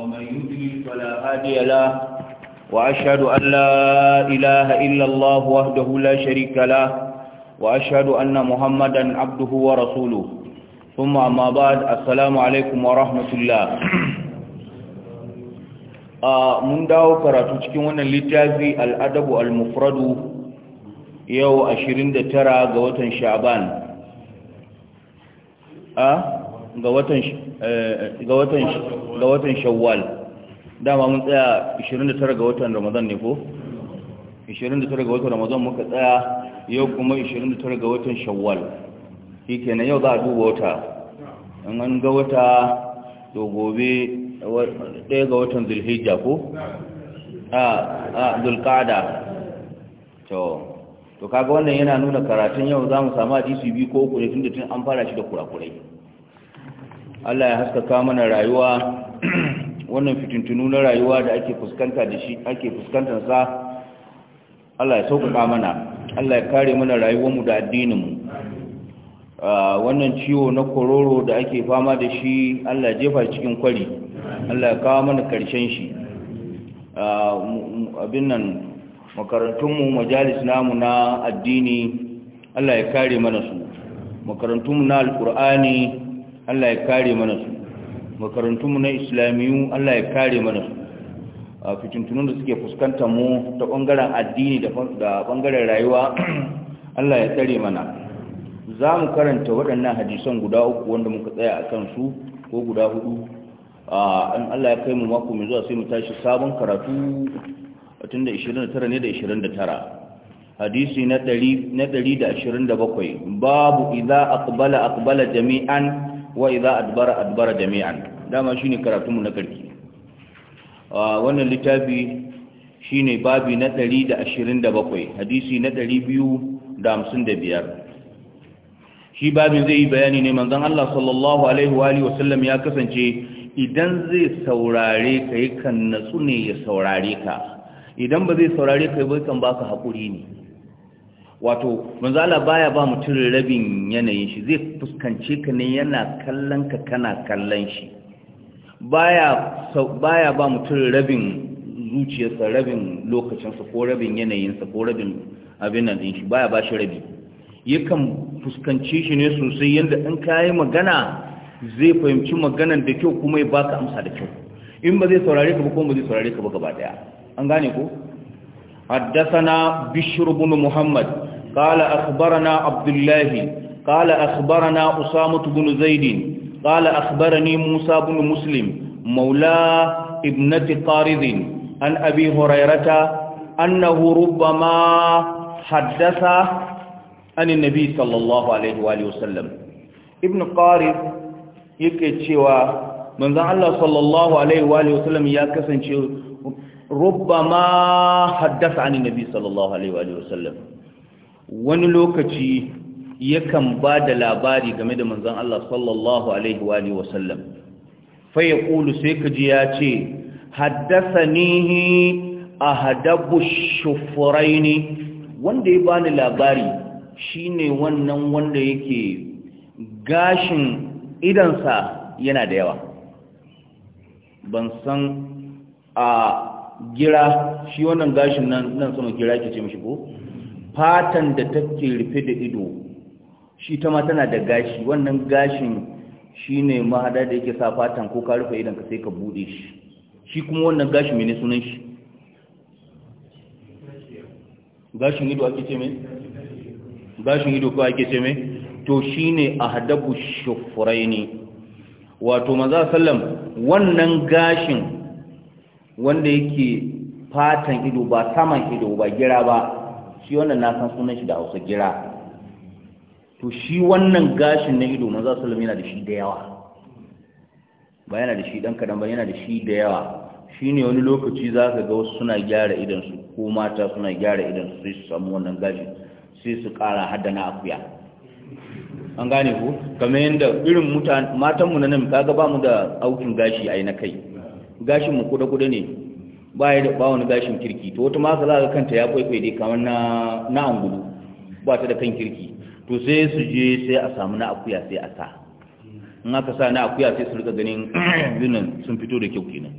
ومن يضلل فلا هادي له وأشهد أن لا إله إلا الله وحده لا شريك له وأشهد أن محمدا عبده ورسوله ثم أما بعد السلام عليكم ورحمة الله mun dawo karatu cikin wannan littafi al'adabu al-mufradu yau 29 ga watan sha'ban a ga watan ga watan ga watan shawwal dama mun tsaya 29 ga watan ramadan ne ko 29 ga watan ramadan muka tsaya yau kuma 29 ga watan shawwal shi kenan yau za a duba wata in an ga wata to gobe ɗaya ga watan zulhijja ko a zulkada to to kaga wannan yana nuna karatun yau za mu samu hadisi biyu ko uku ne tun da tun an fara shi da kurakurai Allah ya haskaka mana rayuwa wannan fitintunu na rayuwa da ake fuskanta da shi ake fuskantar sa Allah ya sauƙaƙa mana Allah ya kare mana rayuwarmu da addininmu wannan ciwo na kororo da ake fama da shi Allah ya jefa cikin kwari Allah ya kawo mana ƙarshen shi abin nan makarantunmu majalis namu na addini Allah ya kare mana su makarantunmu na alƙur'ani Allah ya kare mana su makarantunmu na islamiyu Allah ya kare mana su a fitintunun da suke fuskantar mu ta ɓangaren addini da ɓangaren rayuwa Allah ya tsare mana za mu karanta waɗannan hadisan guda uku wanda muka tsaya a kansu ko guda hudu an Allah ya kai mu mako mai zuwa sai mu tashi sabon karatu tun da 29 ne da 29 hadisi na 127 babu idza aqbala aqbala jami'an wa idza adbara adbara jami'an dama shine karatun mu na karki wannan littafi shine babi na 127 hadisi na 255 shi babin zai yi bayani ne manzon Allah sallallahu alaihi wa alihi wasallam ya kasance idan zai saurare ka kan natsu ne ya saurare ka idan ba zai saurare ka ba kan baka hakuri ne wato manzala baya ba mutum rabin yanayin shi zai fuskance ka ne yana kallon ka kana kallon shi baya baya ba mutum rabin zuciyarsa rabin lokacinsa ko rabin yanayinsa ko rabin abin nan din shi baya ba shi rabi yakan fuskance shi ne sosai yadda in yi magana zai fahimci maganan da kyau kuma ya baka amsa da kyau in ba zai saurare ka ba ko ba zai saurare ka ba gaba daya an gane ko حدثنا بشر بن محمد قال أخبرنا عبد الله قال أخبرنا أسامة بن زيد قال أخبرني موسى بن مسلم مولى ابنة قارض عن أبي هريرة أنه ربما حدث عن النبي صلى الله عليه وآله وسلم ابن قارض يكتشوى من ذا الله صلى الله عليه وآله وسلم يكسن ربما حدث عن النبي صلى الله عليه وآله وسلم wani lokaci yakan ba da labari game da manzon Allah sallallahu alaihi wa wasallam fa sai kaji ya ce haddathanihi ahadabu shufraini wanda ya bani labari shine wannan wanda yake gashin idansa yana da yawa ban san a gira shi wannan gashin nan nan sama gira ke ce mishi ko fatan da take rufe da ido shi ta ma tana da gashi wannan gashin shi ne mahada da yake sa fatan ko ka rufe idan ka sai ka bude shi shi kuma wannan gashi mai sunan shi gashin ido ake ce mai gashin ido ko ake ce mai to shi ne a hadabu shufurai ne wato maza sallam wannan gashin wanda yake fatan ido ba saman ido ba gira ba shi wannan na san sunan shi da hausa gira to shi wannan gashin na ido manzo sallallahu yana da shi da yawa ba yana da shi dan kadan ba yana da shi da yawa shine wani lokaci zaka ga wasu suna gyara idan su ko mata suna gyara idan su sai su samu wannan gashi sai su kara haddana akuya an gane ku kamar yanda irin matan matanmu na nan kaga ba mu da aukin gashi ai na kai gashin mu kuda kuda ne ba ya da bawon gashin kirki to wata masa za ka kanta ya kwaikwai dai kamar na na angulu ba ta da kan kirki to sai su je sai a samu na akuya sai a sa in aka sa na akuya sai su rika ganin yunan sun fito da kyau kenan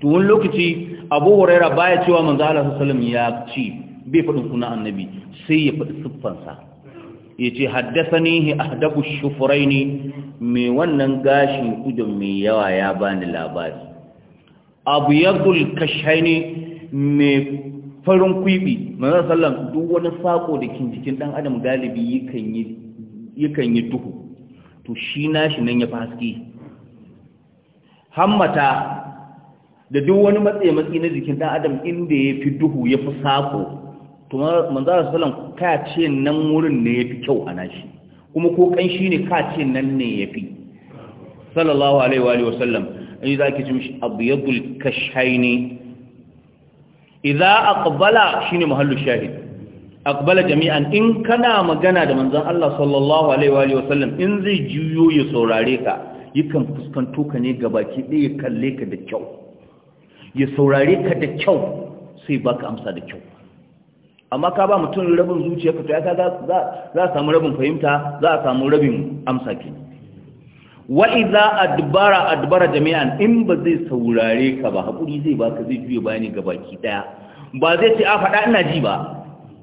to wani lokaci abu huraira baya cewa manzo Allah sallallahu ya ci bai faɗin suna annabi sai ya faɗi siffansa ya ce haddasanihi ahdabu shufuraini Me wannan gashin kudin mai yawa ya bani labari abu ya yadul kashaini mai farin kwibi manzan sallam duk wani sako da kin jikin dan adam galibi yakan yi duhu to shi nashi nan ya fi haske hammata da duk wani matsayi-matsayi na jikin dan adam inda ya fi duhu ya fi sako to manzan sallam ka ce nan wurin ne ya fi kyau a nashi kuma ko kanshi ne ka ce nan ne ya fi sallallahu alaihi wa sallam ai za ki ci mishi abiyadul kashaini idza aqbala shine mahallu shahid aqbala jami'an in kana magana da manzon Allah sallallahu alaihi wa sallam in zai juyo ya saurare ka yakan fuskanto ka ne gabaki ɗaya kalle ka da kyau ya saurare ka da kyau sai baka amsa da kyau amma ka ba mutum rabin zuciyarka ka to ya ka za za samu rabin fahimta za a samu rabin amsa kenan wa idza adbara adbara jami'an in ba zai saurare ka ba hakuri zai ba ka zai juya bayani ga baki daya ba zai ce a faɗa ina ji ba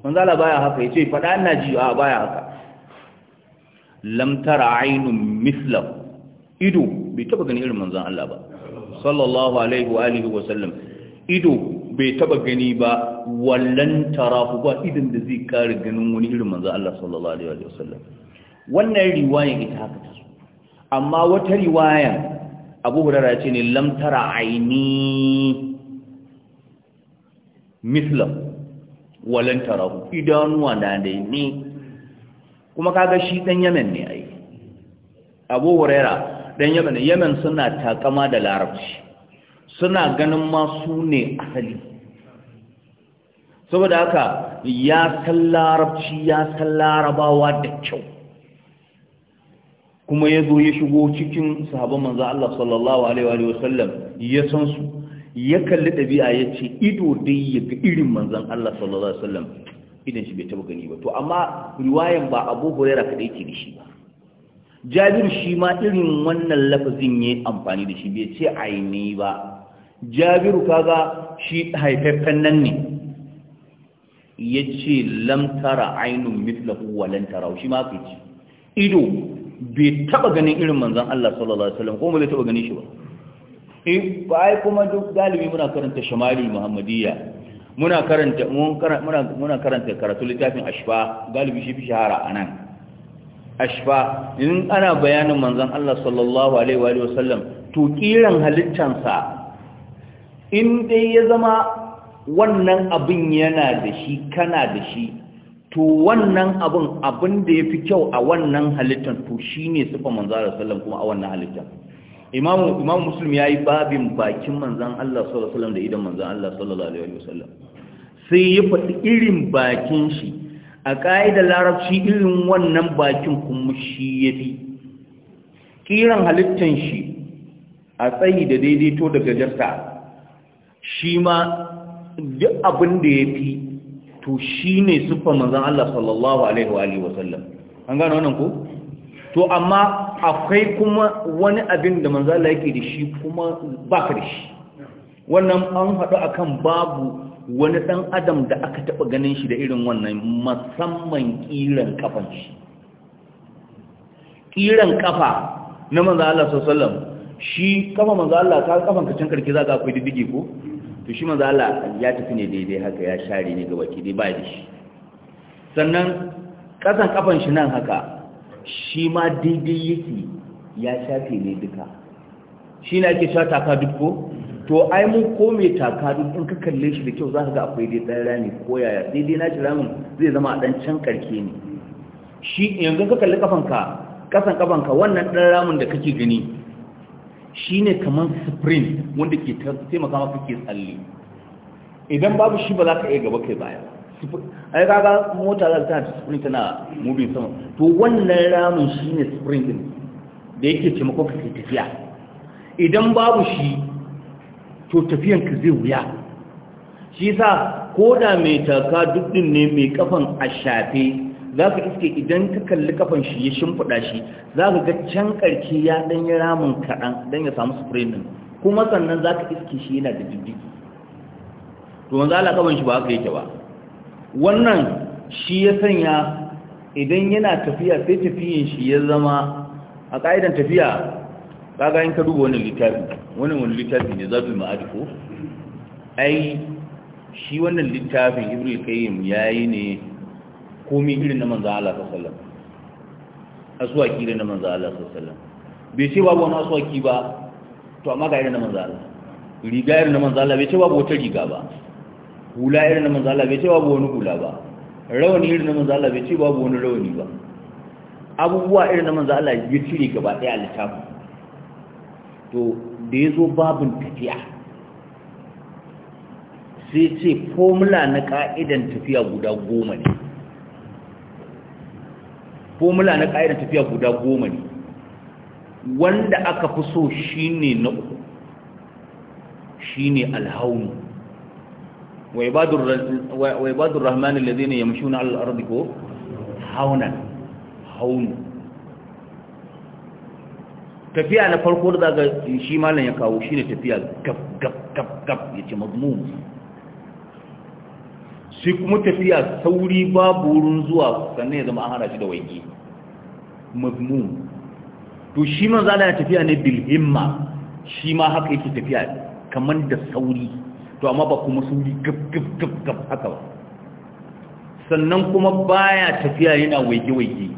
manzo Allah baya haka ya ce faɗa ina ji a baya haka lam tara aynun ido bai taɓa gani irin manzan Allah ba sallallahu alaihi wa alihi wa sallam ido bai taɓa gani ba wallan tarahu ba idan da zai kare ganin wani irin manzan Allah sallallahu alaihi wa sallam wannan riwaya ita haka ta amma wata riwaya abu hurara ce ne lamtara aini mislam walantara idanuwa na dai ne kuma kaga shi dan yamen ne ai abu hurara dan yamen ne yamen suna takama da larabci suna ganin ma su ne asali saboda haka ya san larabci ya san larabawa da kyau kuma ya zo ya shigo cikin sahabban manzo Allah sallallahu alaihi wa sallam ya san su ya kalli dabi'a ya ce ido dai ya ga irin manzon Allah sallallahu alaihi wa sallam idan shi bai taba gani ba to amma riwayan ba Abu Hurairah kadai ke da shi ba Jabir shi ma irin wannan lafazin yayi amfani da shi bai ce aini ba Jabir kaga shi haifaffen nan ne yace lam tara ainun mithlahu wa lan shi ma kace ido bai taba ganin irin manzan Allah sallallahu alaihi wasallam ko mu zai taba ganin shi ba eh ba ai kuma duk galibi muna karanta shamali muhammadiyya muna karanta muna karanta karatu littafin ashfa galibi shi fi shahara anan ashfa in ana bayanin manzan Allah sallallahu alaihi wa to kiran halittansa in dai ya zama wannan abin yana da shi kana da shi to wannan abun abin da ya fi kyau a wannan halittar to shi ne sufa manzan sallam kuma a wannan halittar imamu imamu ya yi babin bakin manzan Allah sallallahu da idan manzan Allah sallallahu alaihi wasallam sai ya faɗi irin bakin shi a ƙa'idar larabci irin wannan bakin kuma shi ya fi ƙiran halittar shi a tsayi da daidaito daga jarta shi ma duk abin da ya fi to shi ne siffar manzan Allah sallallahu Alaihi wasallam an gano wannan ku? to amma akwai kuma wani abin da manzan Allah yake da shi kuma ba ka da shi wannan an haɗu akan babu wani ɗan adam da aka taɓa ganin shi da irin wannan musamman ƙiran ƙafan shi ƙiran ƙafa na manzan Allah sallallahu Alaihi wasallam shi kama manzan Allah ta kafan kacin karki za ka akwai diddige ko? to shi manzo Allah ya tafi ne daidai haka ya share ne ga baki dai ba da shi sannan kasan kafan shi nan haka shi ma daidai yake ya shafe ne duka shi ne ake sha taka duk ko to ai mun ko taka duk in ka kalle shi da kyau za ka ga akwai dai ɗan rami ko yaya daidai na shi ramin zai zama a ɗan can karke ne shi yanzu ka kalli kafanka kasan kafanka wannan ɗan ramin da kake gani Shi ne kamar sprint wanda ke taimaka maka ke tsalle idan babu shi ba za ka iya gaba kai baya ai kaga mota za ta ta sprint tana moving sama to wannan ramin ne sprint din da yake taimako ka kai tafiya idan babu shi to tafiyan ka zai wuya shi yasa koda mai taka duk din ne mai kafan a shafe za ka iske idan ka kalli kafan shi ya shimfiɗa shi za ka ga can ƙarki ya ɗan yi ramin kaɗan don ya samu sufurin nan kuma sannan za ka iske shi yana da jirgin to wanzu ala kafan shi ba haka yake ba wannan shi ya sanya idan yana tafiya sai tafiyin shi ya zama a ƙa'idan tafiya kaga in ka duba wani littafi wani wani littafi ne zafi ma'adi ko ai shi wannan littafin ibril kayyim yayi ne komi irin na manzan Allah sallam aswaki irin na manzan Allah sallam bai ce babu wani aswaki ba to amma ga irin na manzan Allah riga irin na manzan Allah bai ce babu wata riga ba hula irin na manzan Allah bai ce babu wani hula ba rawani irin na manzan Allah bai ce babu wani rawani ba abubuwa irin na manzan Allah ya cire gaba ɗaya a littafin to da ya zo babin tafiya sai ce formula na ka'idan tafiya guda goma ne formula na ƙa'idar tafiya guda goma ne wanda aka fi so shine na uku shine alhaunu wa ibadur rahman alladhina yamshuna ala al-ardi ko haunan haunu tafiya na farko da zaga shi malam ya kawo shine tafiya gab gab gab gab ce mazmum shi kuma tafiya sauri babu wurin zuwa sannan ya zama an hana shi da waiki mazmum to shi manzo Allah ya tafiya ne bilhimma. shi ma haka yake tafiya kamar da sauri to amma ba kuma sauri gab gab gab gab haka ba sannan kuma baya tafiya yana waige waige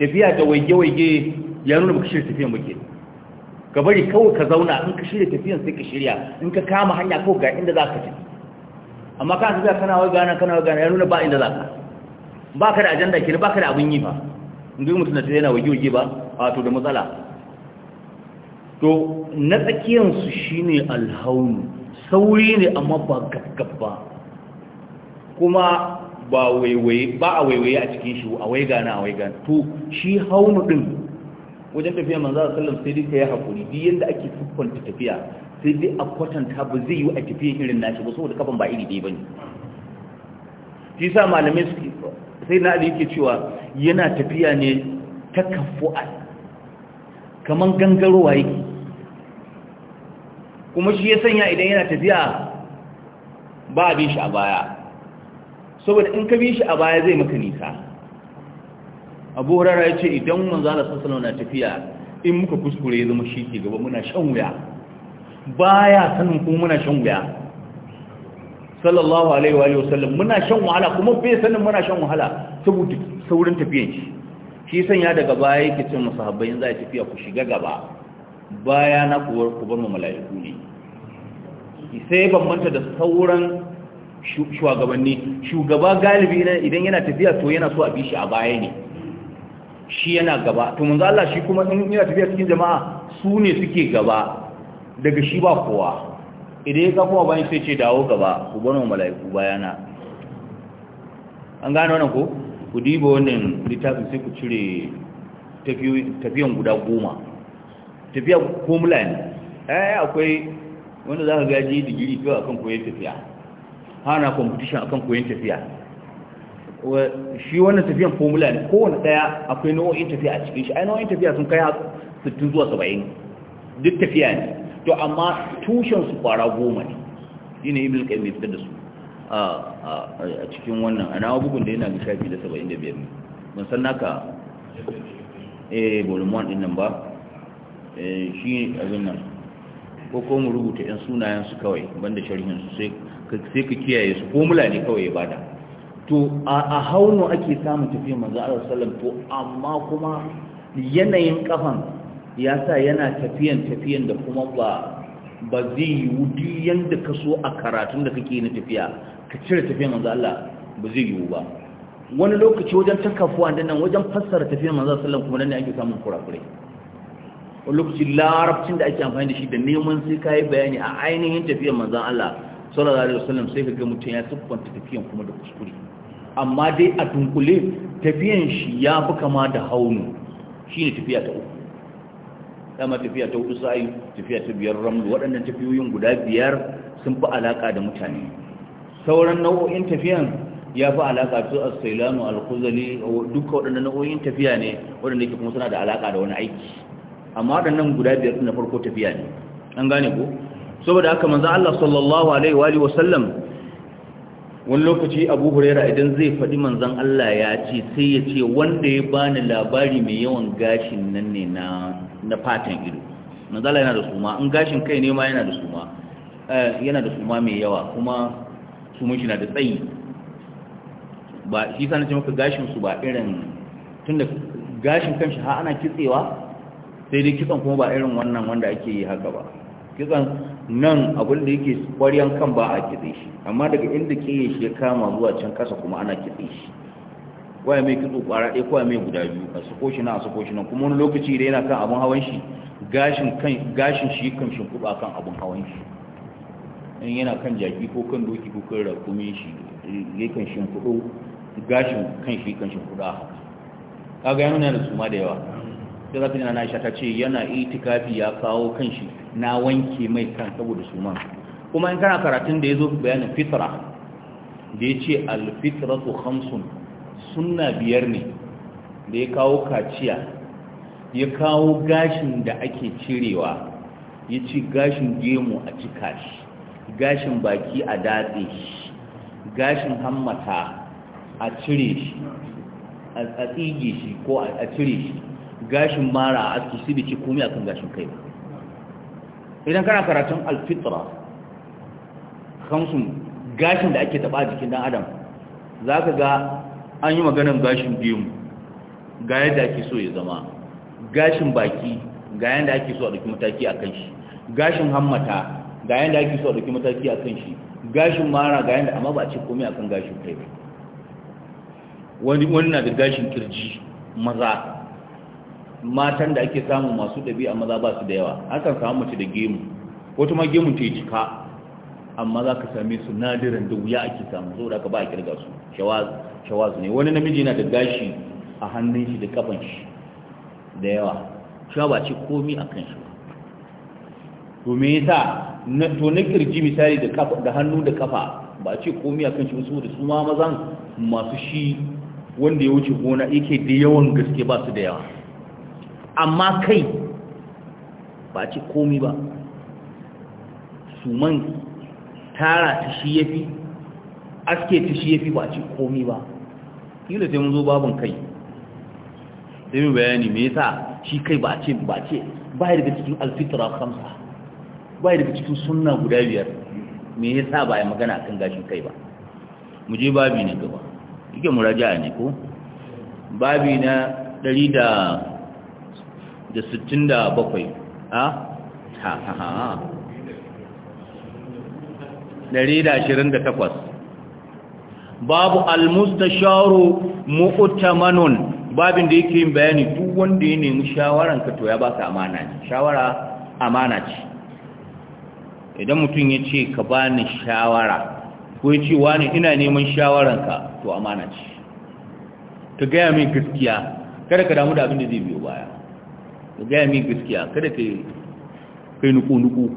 tafiya ta waige waige ya nuna baka shirya tafiyan muke ka bari kawai ka zauna in ka shirya tafiyan sai ka shirya in ka kama hanya kawai ga inda za ka tafi amma ka su kana wai gana kana wai gana ya nuna ba inda za ba ka da ajanda ke ba ka da abin yi ba inda mutum da ta yana wagi wagi ba wato da matsala to na tsakiyansu shi ne alhaunu sauri ne amma ba ba kuma ba waiwaye ba a waiwaye a cikin shi a waigana a waigana to shi haunu din wajen tafiya manzo sallallahu alaihi wasallam sai dai ya hakuri duk yanda ake tuffanta tafiya sai dai a kwatanta ba zai yi a tafiya irin nashi ba saboda kafan ba iri ɗaya ba ne shi sa malamai sai na ali yake cewa yana tafiya ne ta a Kamar gangarowa yake kuma shi ya sanya idan yana tafiya ba a bin shi a baya saboda in ka bin shi a baya zai maka nisa abu hurara ya ce idan manzana sassanau na tafiya in muka kuskure ya zama shi ke gaba muna shan wuya baya sanin ko muna shan wuya sallallahu alaihi wa wasallam muna shan wahala kuma bai sanin muna shan wahala saboda saurin tafiyan shi shi sanya daga baya yake cin musahabbai za a tafiya ku shiga gaba baya na kuwar ku bar mu mala'iku ne sai bambanta da sauran shugabanni shugaba galibi idan yana tafiya to yana so a bi shi a baya ne shi yana gaba to manzo Allah shi kuma in yana tafiya cikin jama'a su ne suke gaba daga shi ba kowa idan ya kafa bayan sai ce dawo gaba ku gano mala'iku bayana an gano wannan ko ku diba wannan littafin sai ku cire tafiyan guda goma tafiya formula ne eh akwai wanda za ka gaji digiri kawai akan koyon tafiya hana competition akan koyon tafiya shi wannan tafiyan formula ne kowane daya akwai nau'in tafiya a cikin shi ai nau'in tafiya sun kai 60 zuwa 70 duk tafiya ne to amma tushen su kwara goma ne shine kai mai fitar da su a cikin wannan ana bugun da yana ga shafi da 75 ne mun san naka a eh, volume 1 din nan ba eh, shi abin nan ko ko mu rubuta yan sunayen su kawai banda sharhin su sai ka kiyaye su mula ne kawai ya bada to a haunu ake samun tafiya manzo Allah sallallahu alaihi wasallam to amma kuma yanayin kafan ya sa yana tafiyan tafiyan da kuma ba ba zai yi wudi yadda ka so a karatun da kake na tafiya ka cire tafiyan manzo Allah ba zai yiwu ba wani lokaci wajen takafuwa da nan wajen fassara tafiyan manzo sallan kuma nan ne ake samun kurakure wani lokaci larabcin da ake amfani da shi da neman sai yi bayani a ainihin tafiyan manzo Allah sallallahu alaihi wasallam sai ga mutum ya siffanta tafiyan kuma da kuskure amma dai a dunkule tafiyan shi ya fi kama da haunu shine tafiya ta uku dama tafiya ta hudu sa'ayi tafiya ta biyar ramlu waɗannan tafiyoyin guda biyar sun fi alaƙa da mutane sauran nau'o'in tafiyan ya fi alaƙa su as-sailanu al-khuzali duka waɗannan nau'o'in tafiya ne waɗanda ke kuma suna da alaƙa da wani aiki amma waɗannan guda biyar na farko tafiya ne an gane ko saboda haka manzo Allah sallallahu alaihi wa sallam wani lokaci abu huraira idan zai faɗi manzan Allah ya ce sai ya ce wanda ya bani labari mai yawan gashin nan ne na fatan ido manzala yana da suma in gashin kai ne ma yana da suma eh, yana da suma mai yawa kuma sumun shi na da tsayi ba shi sa na ce maka gashin su ba irin tunda gashin kanshi ha ana kitsewa sai dai kitsan kuma ba irin wannan wanda ake yi haka ba kisan nan abin da yake kwaryan kan ba a kitse shi amma daga inda yi shi ya kama zuwa can kasa kuma ana kitse shi kwaya mai kitso kwara ɗaya kwaya mai guda biyu a suko shi na a suko shi nan kuma wani lokaci da yana kan abin hawan shi gashin kan shi kan kan abin hawan shi in yana kan jaki ko kan doki ko kan rakumi shi yakan kuɗo gashin kan shi kan kuɗa haka kaga yana da suma da yawa sai zafi na na ta ce yana itikafi ya kawo kan shi na wanke mai kan saboda su ma kuma in kana karatun da ya zo bayanin fitra da ya ce alfitratu hamsun suna biyar ne da ya kawo kaciya ya kawo gashin da ake cirewa ya ci gashin gemu a cika shi gashin baki a datse shi gashin hammata a cire shi a tsige shi ko a cire shi gashin mara a tsibiti a akan gashin kai ba idan kana karatun alfitra kamsun gashin da ake taba jikin dan adam za ka ga an yi maganin gashin biyun ga yadda ake so ya zama gashin baki ga yadda ake so a ɗauki mataki a kan shi gashin hammata ga yadda ake so a ɗauki mataki a kan shi gashin mara ga yadda amma ba a ce komai a kan gashin kai wani na da gashin kirji maza matan da ake samu masu ɗabi'a maza ba su da yawa akan samu mace da gemu wata ma gemu ta yi jika amma za ka same su nadiran da wuya ake samu zo da ka ba a kirga su shawaz ne wani namiji yana da gashi a hannun shi da kafan shi da yawa shi ba ce komi a kan shi to me yasa to na kirji misali da kafa da hannu da kafa ba ce komi a kan shi da su ma mazan masu shi wanda ya wuce gona yake da yawan gaske ba su da yawa amma kai ba ce komi ba su man tara ta shi ya fi aske ta shi ya fi ba ce komi ba kila sai mun zo babin kai sai mu bayani me yasa shi kai ba ce ba ce ba daga cikin alfitra kamsa ba daga cikin suna guda biyar me yasa ba ya magana kan gashin kai ba mu je babi ne gaba yake muraja'a ne ko babi na 100 da sittin da bakwai ha ha ha Dari da ashirin da takwas babu almustasharu mu'tamanun babin da yake yin bayani duk wanda ya nemi shawaran ka to ya baka amana ne shawara amana ce idan mutum ya ce ka bani shawara ko ya ce wani ina neman shawaran ka to amana ce ka gaya min gaskiya kada ka damu da abin da zai biyo baya ka gaya min gaskiya kada ka kai nuku-nuku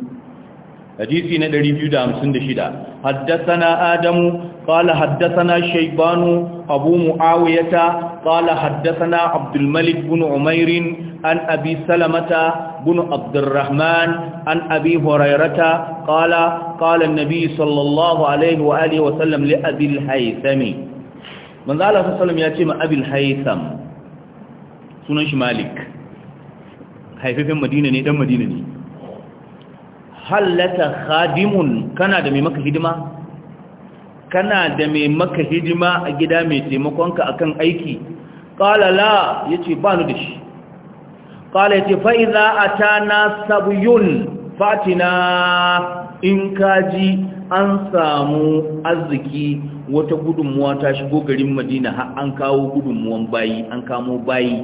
hadisi na 256 haddasana adamu kala haddasana shaibanu abu mu'awiyata kala haddasana abdulmalik bin umairin an abi salamata bin abdurrahman an abi hurairata kala kala nabi sallallahu alaihi wa alihi wa sallam li abil haythami manzo Allah sallallahu alaihi wa ya ce ma abil haytham sunan shi malik haifafin madina ne dan madina ne hallata khadimun kana da mai maka hidima kana da mai maka hidima a gida mai taimakon ka akan aiki qala la yace ba ni da shi qala yace fa idza atana sabyun fatina in kaji an samu arziki wata gudunmuwa ta shigo garin madina har an kawo gudunmuwan bayi an kamo bayi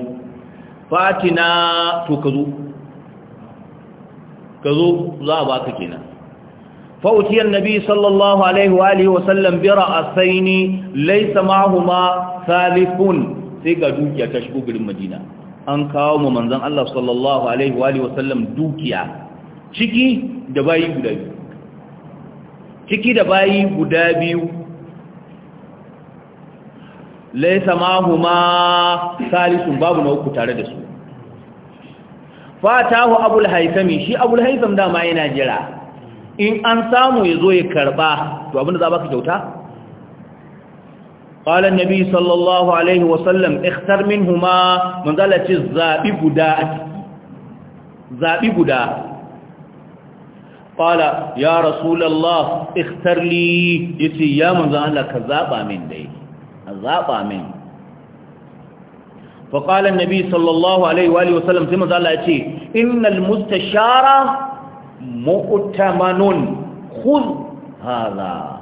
fatina to ka zo ka zo za a ka kenan fa'utiyar nabi sallallahu alaihi wa alihi wasallam bira a saini laisa mahuma salifun sai ga dukiya ta shigo garin madina an kawo mu manzan Allah sallallahu alaihi wa alihi wasallam dukiya ciki da bayi guda biyu ciki da bayi guda biyu laisa mahuma salisun babu na uku tare da su fatahu abul haithami shi abul haitham dama yana jira in an samu ya zo ya karba to abinda za ba ka kyauta qala annabi sallallahu alaihi wa sallam ikhtar min huma zalati zabi guda zabi guda qala ya rasulullah ikhtar li ce ya manzo Allah ka zaɓa min dai a zaɓa min faƙalar nabi sallallahu alaihi wa sallam sai mazala ya ce innal mustashara mu'tamanun khudh hadha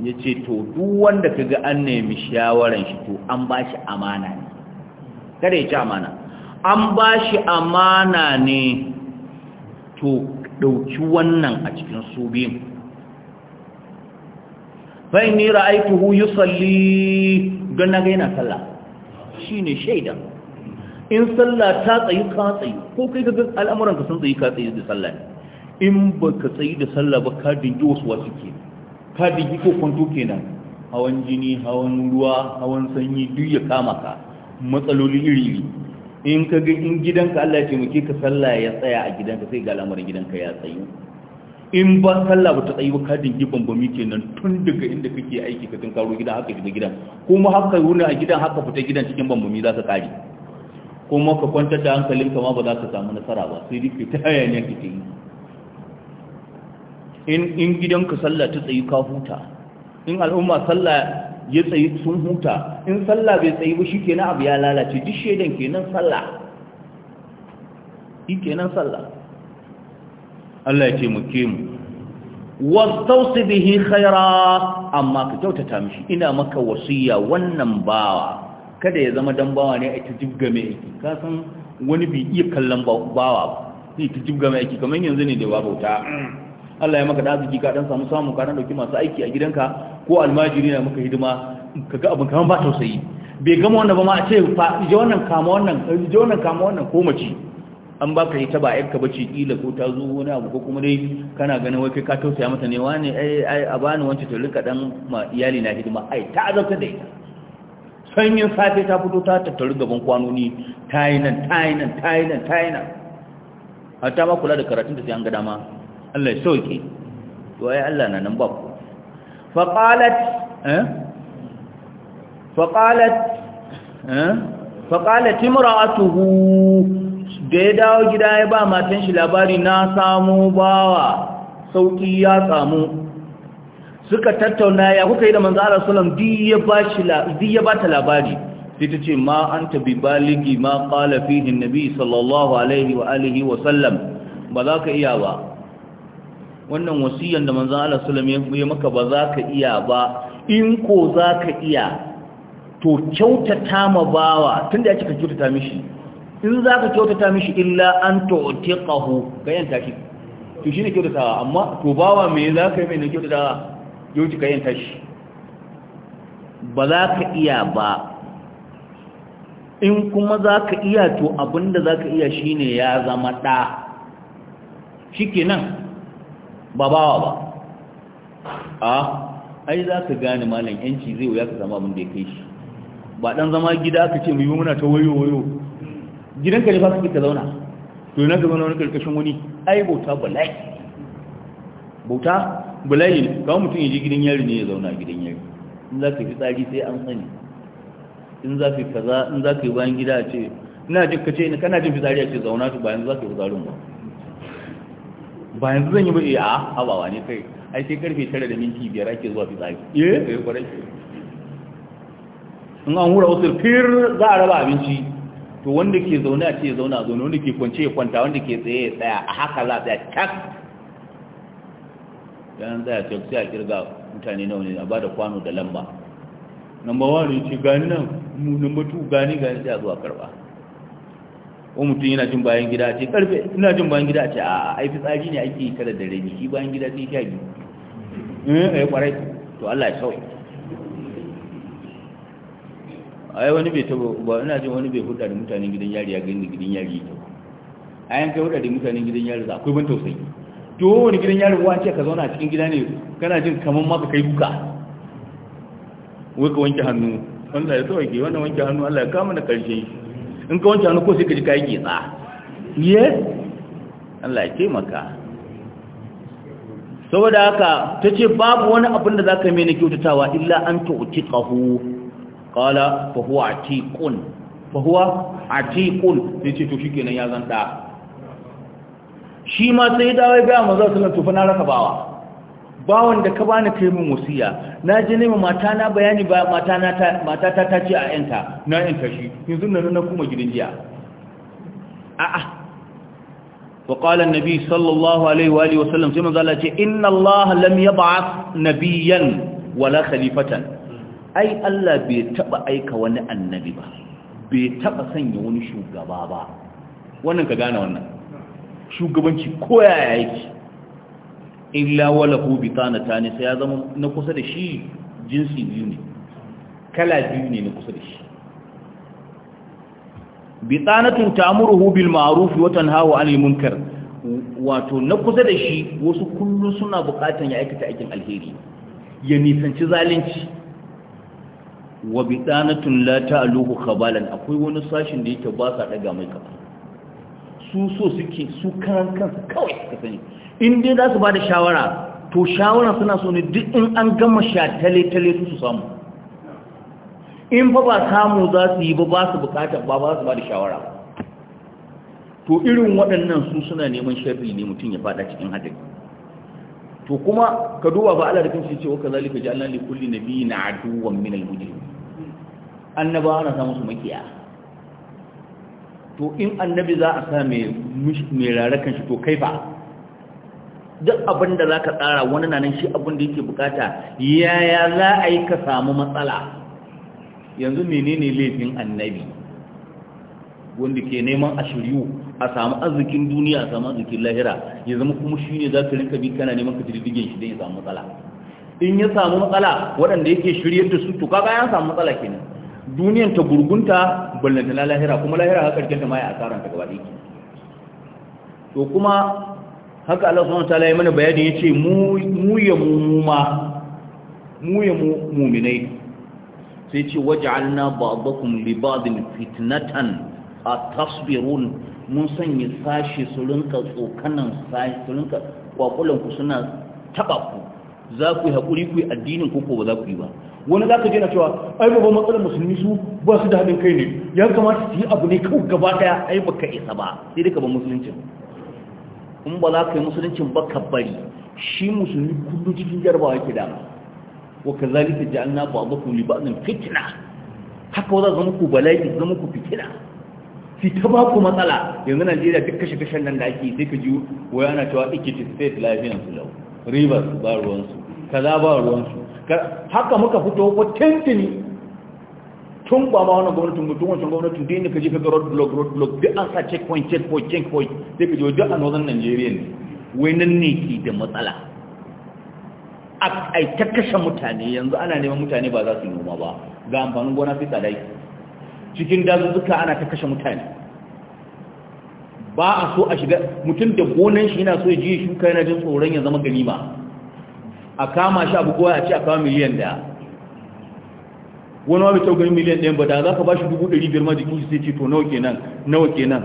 ya ce to duk wanda kaga ga an nemi shawaran shi to an ba shi amana ne kada ya ci amana an ba shi amana ne to ɗauki wannan a cikin su biyu fa inni ra'aytuhu yusalli don naga yana sallah shine shaida in sallah ta tsayi ka tsayi ko kai ga al'amuran ka sun tsayi ka tsayi da sallah in baka tsayi da sallah ba ka dinki wasu wasu ke ka dinki ko kwanto kenan hawan jini hawan ruwa hawan sanyi duk ya kama ka matsaloli iri iri in ka ga in gidanka Allah ya taimake ka sallah ya tsaya a gidanka sai ga al'amuran gidanka ya tsayi in ba sallah ba ta tsayi ba kadin ba gwami kenan tun daga inda kake aiki ka tun karo gidan haka shiga gidan kuma haka wuni a gidan haka fita gidan cikin bambami za ka kare kuma ka kwantar da hankalin ma ba za ka samu nasara ba sai dai ta ka ke yi in in ka sallah ta tsayi ka huta in al'umma sallah ya tsayi sun huta in sallah bai tsayi ba shikenan abu ya lalace duk shedan kenan sallah shikenan sallah Allah ya ce mu ke mu wastausi bihi khaira amma ka kyautata mishi ina maka wasiya wannan bawa kada ya zama dan bawa ne a ta jibgame aiki ka san wani bi iya kallon bawa ba sai ta jibgame aiki kamar yanzu ne da ba bauta Allah ya maka da arziki ka dan samu samu ka dan dauki masu aiki a gidanka ko almajiri na maka hidima kaga abin kamar ba tausayi bai gama wannan ba ma a ce fa je wannan kama wannan ji wannan kama wannan ko mace an baka ita ba yarka bace kila ko ta zo wani abu ko kuma dai kana ganin wai kai ka tausaya mata ne wani ai ai a bani wance ta rika dan ma iyali na hidima ai ta azabta da ita sanyin safe ta fito ta tattaru gaban kwanoni ta yi nan ta yi nan ta yi nan ta yi nan ta ma kula da karatun ta sai an ga dama Allah ya sauke to ai Allah na nan ba ku fa qalat eh fa qalat eh fa qalat imra'atuhu da ya dawo gida ya ba matan shi labari na samu bawa sauki ya samu suka tattauna ya kuka yi da manzo Allah sallam di ya ba shi ya ba ta labari sai ta ce ma anta bi baligi ma qala fihi annabi sallallahu alaihi wa alihi wa sallam ba za ka iya ba wannan wasiyan da manzo Allah sallam ya maka ba za ka iya ba in ko za ka iya to kyautata ma bawa tunda ya cika kyautata mishi in za ka kyautata mishi illa an tu'tiqahu kayan tashi to shi ne kyautatawa amma to bawa me za ka yi mai na kyautatawa yauci kayan tashi ba za ka iya ba in kuma za ka iya to abinda za ka iya shi ne ya zama ɗa nan. ba bawa ba a ai za ka gane malam yanci zai wuya ka zama abin da ya kai shi ba ɗan zama gida ka ce mai muna ta wayo wayo gidanka ne ba su ta zauna to yana ka na wani karkashin wani ai bauta bala'i bauta bala'i ne kawai mutum ya je gidan yari ne ya zauna gidan yari in za ka fi tsari sai an sani in za ka yi kaza in za ka yi bayan gida a ce ina jin ka ce kana jin fitsari a ce zauna to bayan za ka yi fitsarin ba ba yanzu zan yi ba eh, a habawa ne kai ai sai karfe tara da minti biyar ake zuwa fitsari eh kwarai in an hura wasu fir za a raba abinci to wanda ke zaune a ce ya zauna a zaune wanda ke kwance ya kwanta wanda ke tsaye ya tsaya a haka za a tsaya tak yan tsaya cak sai a kirga mutane nawa ne a ba da kwano da lamba namba wani ce gani nan mu namba tu gani gani sai a zuwa karba ko mutum yana jin bayan gida a ce karfe ina jin bayan gida a ce a aifi tsari ne ake yi kada da rani shi bayan gida sai sha biyu eh, eh kwarai to Allah ya sauke ai wani bai taba ba ina jin wani bai hulɗa da mutanen gidan yari ya gani gidan yari ta a yan kai hulɗa da mutanen gidan yari za akwai ban tausayi to wani gidan yari wani ce ka zauna a cikin gida ne kana jin kaman ma ka kai kuka? wai ka wanke hannu wanda ya tsawai ke wannan wanke hannu Allah ya kama na karshe in ka wanke hannu ko sai ka ji kayi ke tsa Allah ya taimaka saboda haka ta ce babu wani abin da za ka mai na kyautatawa illa an ta'uci ƙahu qala fa huwa atiqun fa huwa atiqun sai ce to shikenan ya zan da shi ma sai dawo ya ga manzo to fa na raka bawa bawan da ka bani kai min wasiya na ji ne mata na bayani ba mata na ta mata ta tace a yanta na yanta shi yanzu nan na kuma gidan jiya a a wa sallallahu alaihi wa alihi wasallam sai manzo Allah ce inna Allah lam nabiyyan wala khalifatan ai Allah bai taba aika wani annabi ba bai taba sanya wani shugaba ba wannan ka gane wannan shugabanci koya ya yake illa walahu bi ne sai ya zama na kusa da shi jinsi biyu ne kala biyu ne na kusa da shi bitanatun ta'muruhu bil ma'ruf wa tanhahu 'anil munkar wato na kusa da shi wasu kullun suna bukatan ya aikata aikin alheri ya nisanci zalunci wa bidanatun la ta'aluhu khabalan akwai wani sashin da yake ba sa daga mai kafa su so suke su kan kansu kawai suka sani in dai za su bada shawara to shawara suna so ne duk in an gama sha tale tale su samu in fa ba samu za su yi ba ba su bukata ba ba su bada shawara to irin waɗannan su suna neman sharri ne mutum ya fada cikin hadari to kuma ka duba ba Allah da kanshi ce wa kazalika ja'alna li kulli nabiyyin aduwwan min al-mujrimin annabawa na samu su makiya to in annabi za a sa mai mai rarakan shi to kai fa duk abin da zaka tsara wani na nan shi abin da yake bukata yaya za a yi ka samu matsala yanzu menene laifin annabi wanda ke neman a shiryu a samu arzikin duniya a samu arzikin lahira ya zama kuma shi ne za ka rinka bi kana neman ka jirgin shi don ya samu matsala in ya samu matsala waɗanda yake shiryar da su to kaga ya samu matsala nan duniyan ta gurgunta ballanta na lahira kuma lahira haka rikin ta ma ya asaran ta gaba ɗaya to kuma haka Allah subhanahu ta'ala ya mana bayani yace mu mu ya mu ma mu ya mu mu'minai sai ce waj'alna ba'dakum li ba'din fitnatan a tasbirun mun sanya sashi su rinka tsokanan sashi su rinka kwakulanku suna taba ku za ku yi haƙuri ku yi addinin ko ba za ku yi ba wani za ka je na cewa ai babban matsalar musulmi su ba su da haɗin kai ne ya kamata su yi abu ne kawai gaba ɗaya ai baka isa ba sai dai ka ba musuluncin in ba za ka yi musuluncin ba ka bari shi musulmi kullum cikin jarabawa yake da wa ka zalika ja'alna ba'dakum li ba'din fitna haka wa za zama ku bala'i zama ku fitina fi ta ba ku matsala yanzu najeriya duk kashe kashen nan da ake sai ka ji waya na cewa ikiti state lafiyan su lau rivers ba ruwansu kaza ba ruwansu haka muka fito ko tentini tun ba ma wannan gwamnatin mutum wancan gwamnatin da inda ka je ka ga road roadblock road duk an sa checkpoint checkpoint checkpoint sai ka ji wa duk a northern nigeria ne wai nan ne ke da matsala a ta kashe mutane yanzu ana neman mutane ba za su noma ba ga amfanin gona fi tsadaki cikin dazuzzuka ana ta kashe mutane ba a so a shiga mutum da gonan shi yana so ya ji shuka yana jin tsoron ya zama ganima a kama shi abu goya a ci a kama miliyan daya wani wa bai gani miliyan ɗaya ba da za ka ba shi dubu ɗari biyar ma jikin shi sai ce to nawa kenan nawa kenan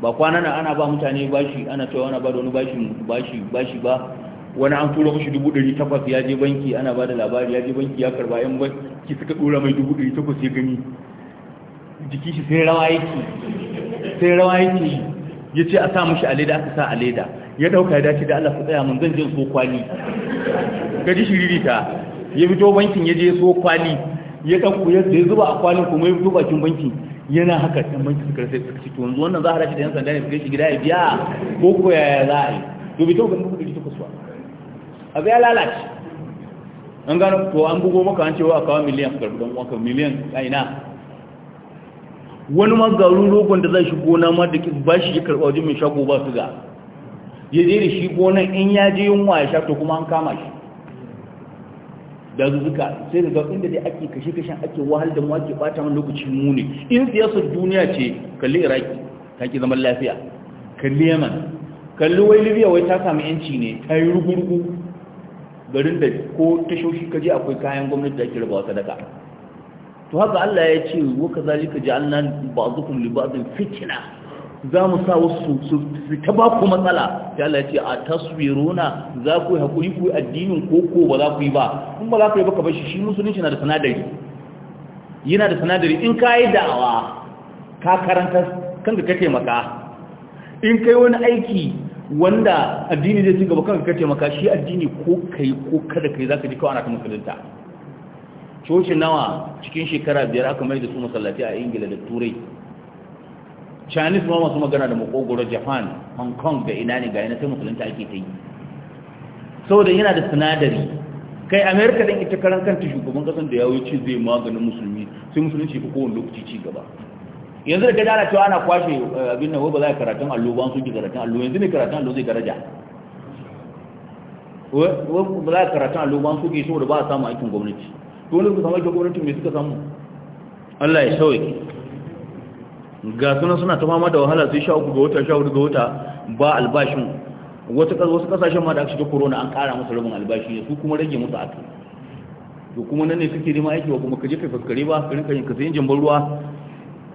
ba kwana na ana ba mutane bashi ana cewa ana ba da wani bashi ba shi ba wani an tura mashi dubu ɗari takwas ya je banki ana ba da labari ya je banki ya karba yan banki suka ɗora mai dubu ɗari takwas ya gani jiki shi sai rawa yake sai rawa yake ya ce a sa mashi a leda aka sa a leda ya ɗauka ya dace da Allah su tsaya mun zan je so kwali gaji shiririta ya fito bankin ya je so kwali ya ɗauko ya zuba a kwalin kuma ya fito bakin bankin yana haka ɗan banki suka rasa suka ci to yanzu wannan za a rashi da yan sanda ne su shi gida ya biya ko ko yaya za a yi to bi ga dubu ɗari abu ya lalace an gano to an bugo maka an cewa a kawo miliyan karbi don waka miliyan aina wani ma garin rogon da zai shi gona ma da ba shi ya karɓa wajen mai shago ba su ga ya je da shi gonan in ya je yunwa ya sha to kuma an kama shi da zuzuka sai da inda dai ake kashe-kashen ake wahal da mu ake ɓata wani lokaci mu ne in siyasar duniya ce kalli iraki ta ki zaman lafiya kalli yaman kalli wai libya wai ta sami yanci ne ta yi rugurugu garin da ko tashoshi kaje akwai kayan gwamnati da ake rabawa sadaka to haka Allah ya ce wa kazalika ja'alna ba'dukum li ba'din fitna za mu sa wasu su ta ba ku matsala ya Allah ya ce a taswiruna za ku hakuri ku addinin ko ko ba za ku yi ba in ba za ku yi ba ka bar shi shi musulunci na da sanadari yana da sanadari in ka yi da'awa ka karanta kanka ka taimaka in kai wani aiki wanda addini zai ci gaba kanka ka taimaka shi addini ko kai ko kada kai zaka ji kawai ana ta musulunta coci nawa cikin shekara biyar aka mai da su masallaci a ingila da turai chinese ma masu magana da makogoro japan hong kong da ina ne ga yana sai musulunta ake ta yi saboda yana da sinadari kai amerika don ita karan kanta shugaban kasan da ya wuce zai maganin musulmi sai musulunci ko kowane lokaci ci gaba yanzu da ka jana cewa ana kwashe eh, abin nan ba za a karatun allo ban su ki karatun allo yanzu ne karatun allo zai daraja ba za a karatun allo ban su ki saboda ba a samu aikin gwamnati to wani suka samu aikin gwamnati mai suka samu allah ya sauke ga suna suna ta fama da wahala sai sha uku ga wata sha hudu ga wata ba albashin wasu kasashen ma da aka shiga corona an kara musu rabin albashi su kuma rage musu aka to kuma nan ne suke neman aiki wa kuma kaje kai faskare ba ka rinka yin ka sayin jambar ruwa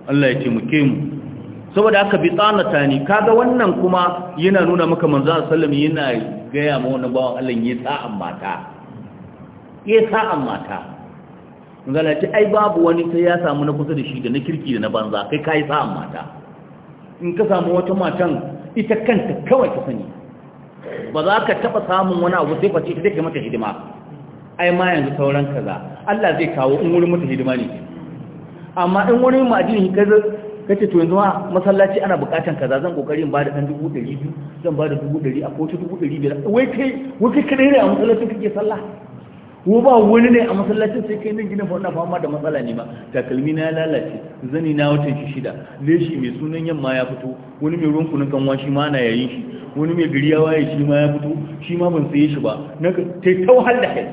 Allah ya ce mu ke mu saboda aka bi tsanata ne kaga wannan kuma yana nuna maka manzo sallam yana gaya ma wannan bawan Allah ya sa'an mata ya sa'an mata manzo Allah ce ai babu wani sai ya samu na kusa da shi da na kirki da na banza kai kai sa'an mata in ka samu wata matan ita kanta kawai ta sani ba za ka taba samun wani abu sai face ita take mata hidima ai ma yanzu sauran kaza Allah zai kawo in wurin mata hidima ne amma in wurin ma'ajin ka kace to yanzu ma masallaci ana bukatan kaza zan kokari in bada dan dubu biyu zan bada dubu a kowace dubu ɗari wai kai wai kai kada ne a masallacin kake sallah ko ba wani ne a masallacin sai kai nan gidan fauna fama da matsala ne ba takalmi na ya lalace zani na watan shi shida leshi mai sunan yamma ya fito wani mai ruwan kunun kanwa shi ma ana yayin shi wani mai gari ya waye shi ma ya fito shi ma ban saye shi ba na ta tauhal da kai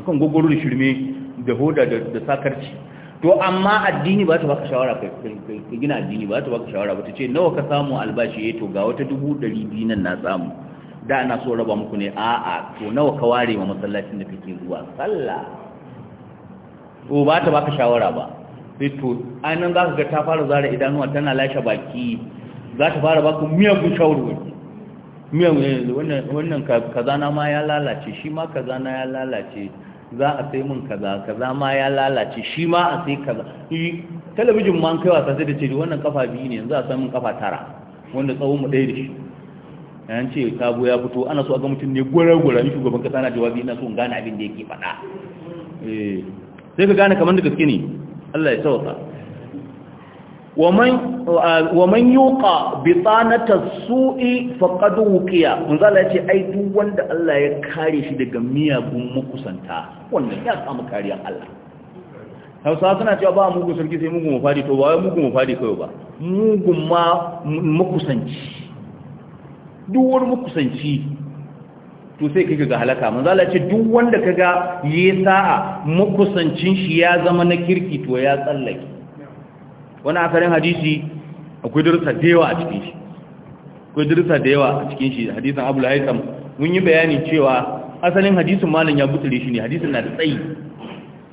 akan gogoro da shirme da hoda da sakarci to amma addini ba ta baka shawara ka gina addini ba ta baka shawara ba ta ce nawa ka samu albashi ya eh to ga wata dubu ɗari biyu nan na samu da ana so raba muku ne a'a to nawa ka ware ma masallacin da kake zuwa sallah to ba ta baka shawara ba sai to ainihin za ka ga ta fara zara idanuwa tana lashe baki za ta fara baka miyagun shawarwari Miyan eh, wannan kazana ma ya lalace shi ma kazana ya lalace za a sai mun kaza kaza ma ya lalace shi ma a sai kaza talabijin ma an kai wasa sai da ce wannan kafa biyu ne yanzu a sai mun kafa tara wanda tsawon mu ɗaya da shi an ce sabo ya fito ana so a ga mutum ne gwara-gwara ni shugaban kasa na jawabi ina so in gane abin da yake faɗa eh, sai ka gane kamar da gaske ne Allah ya sauka Uh, wa man yuqa bi tsanata su'i faqad wuqiya mun zalla yace ai duk wanda Allah ya kare shi daga miyagun makusanta wannan ya samu kariyar Allah Hausa suna cewa ba mugun sarki sai mugun mafadi to ba mu mugun mafadi kai ba mugun ma makusanci duk wani makusanci to sai kake ga halaka mun zalla yace duk wanda kaga yayi sa'a makusancin shi ya zama na kirki to ya tsallake wani asalin hadisi akwai darussa da yawa a cikin shi akwai darussa da yawa a cikin shi hadisin abu haitham mun yi bayani cewa asalin hadisin malam ya butule shi ne hadisin na da tsayi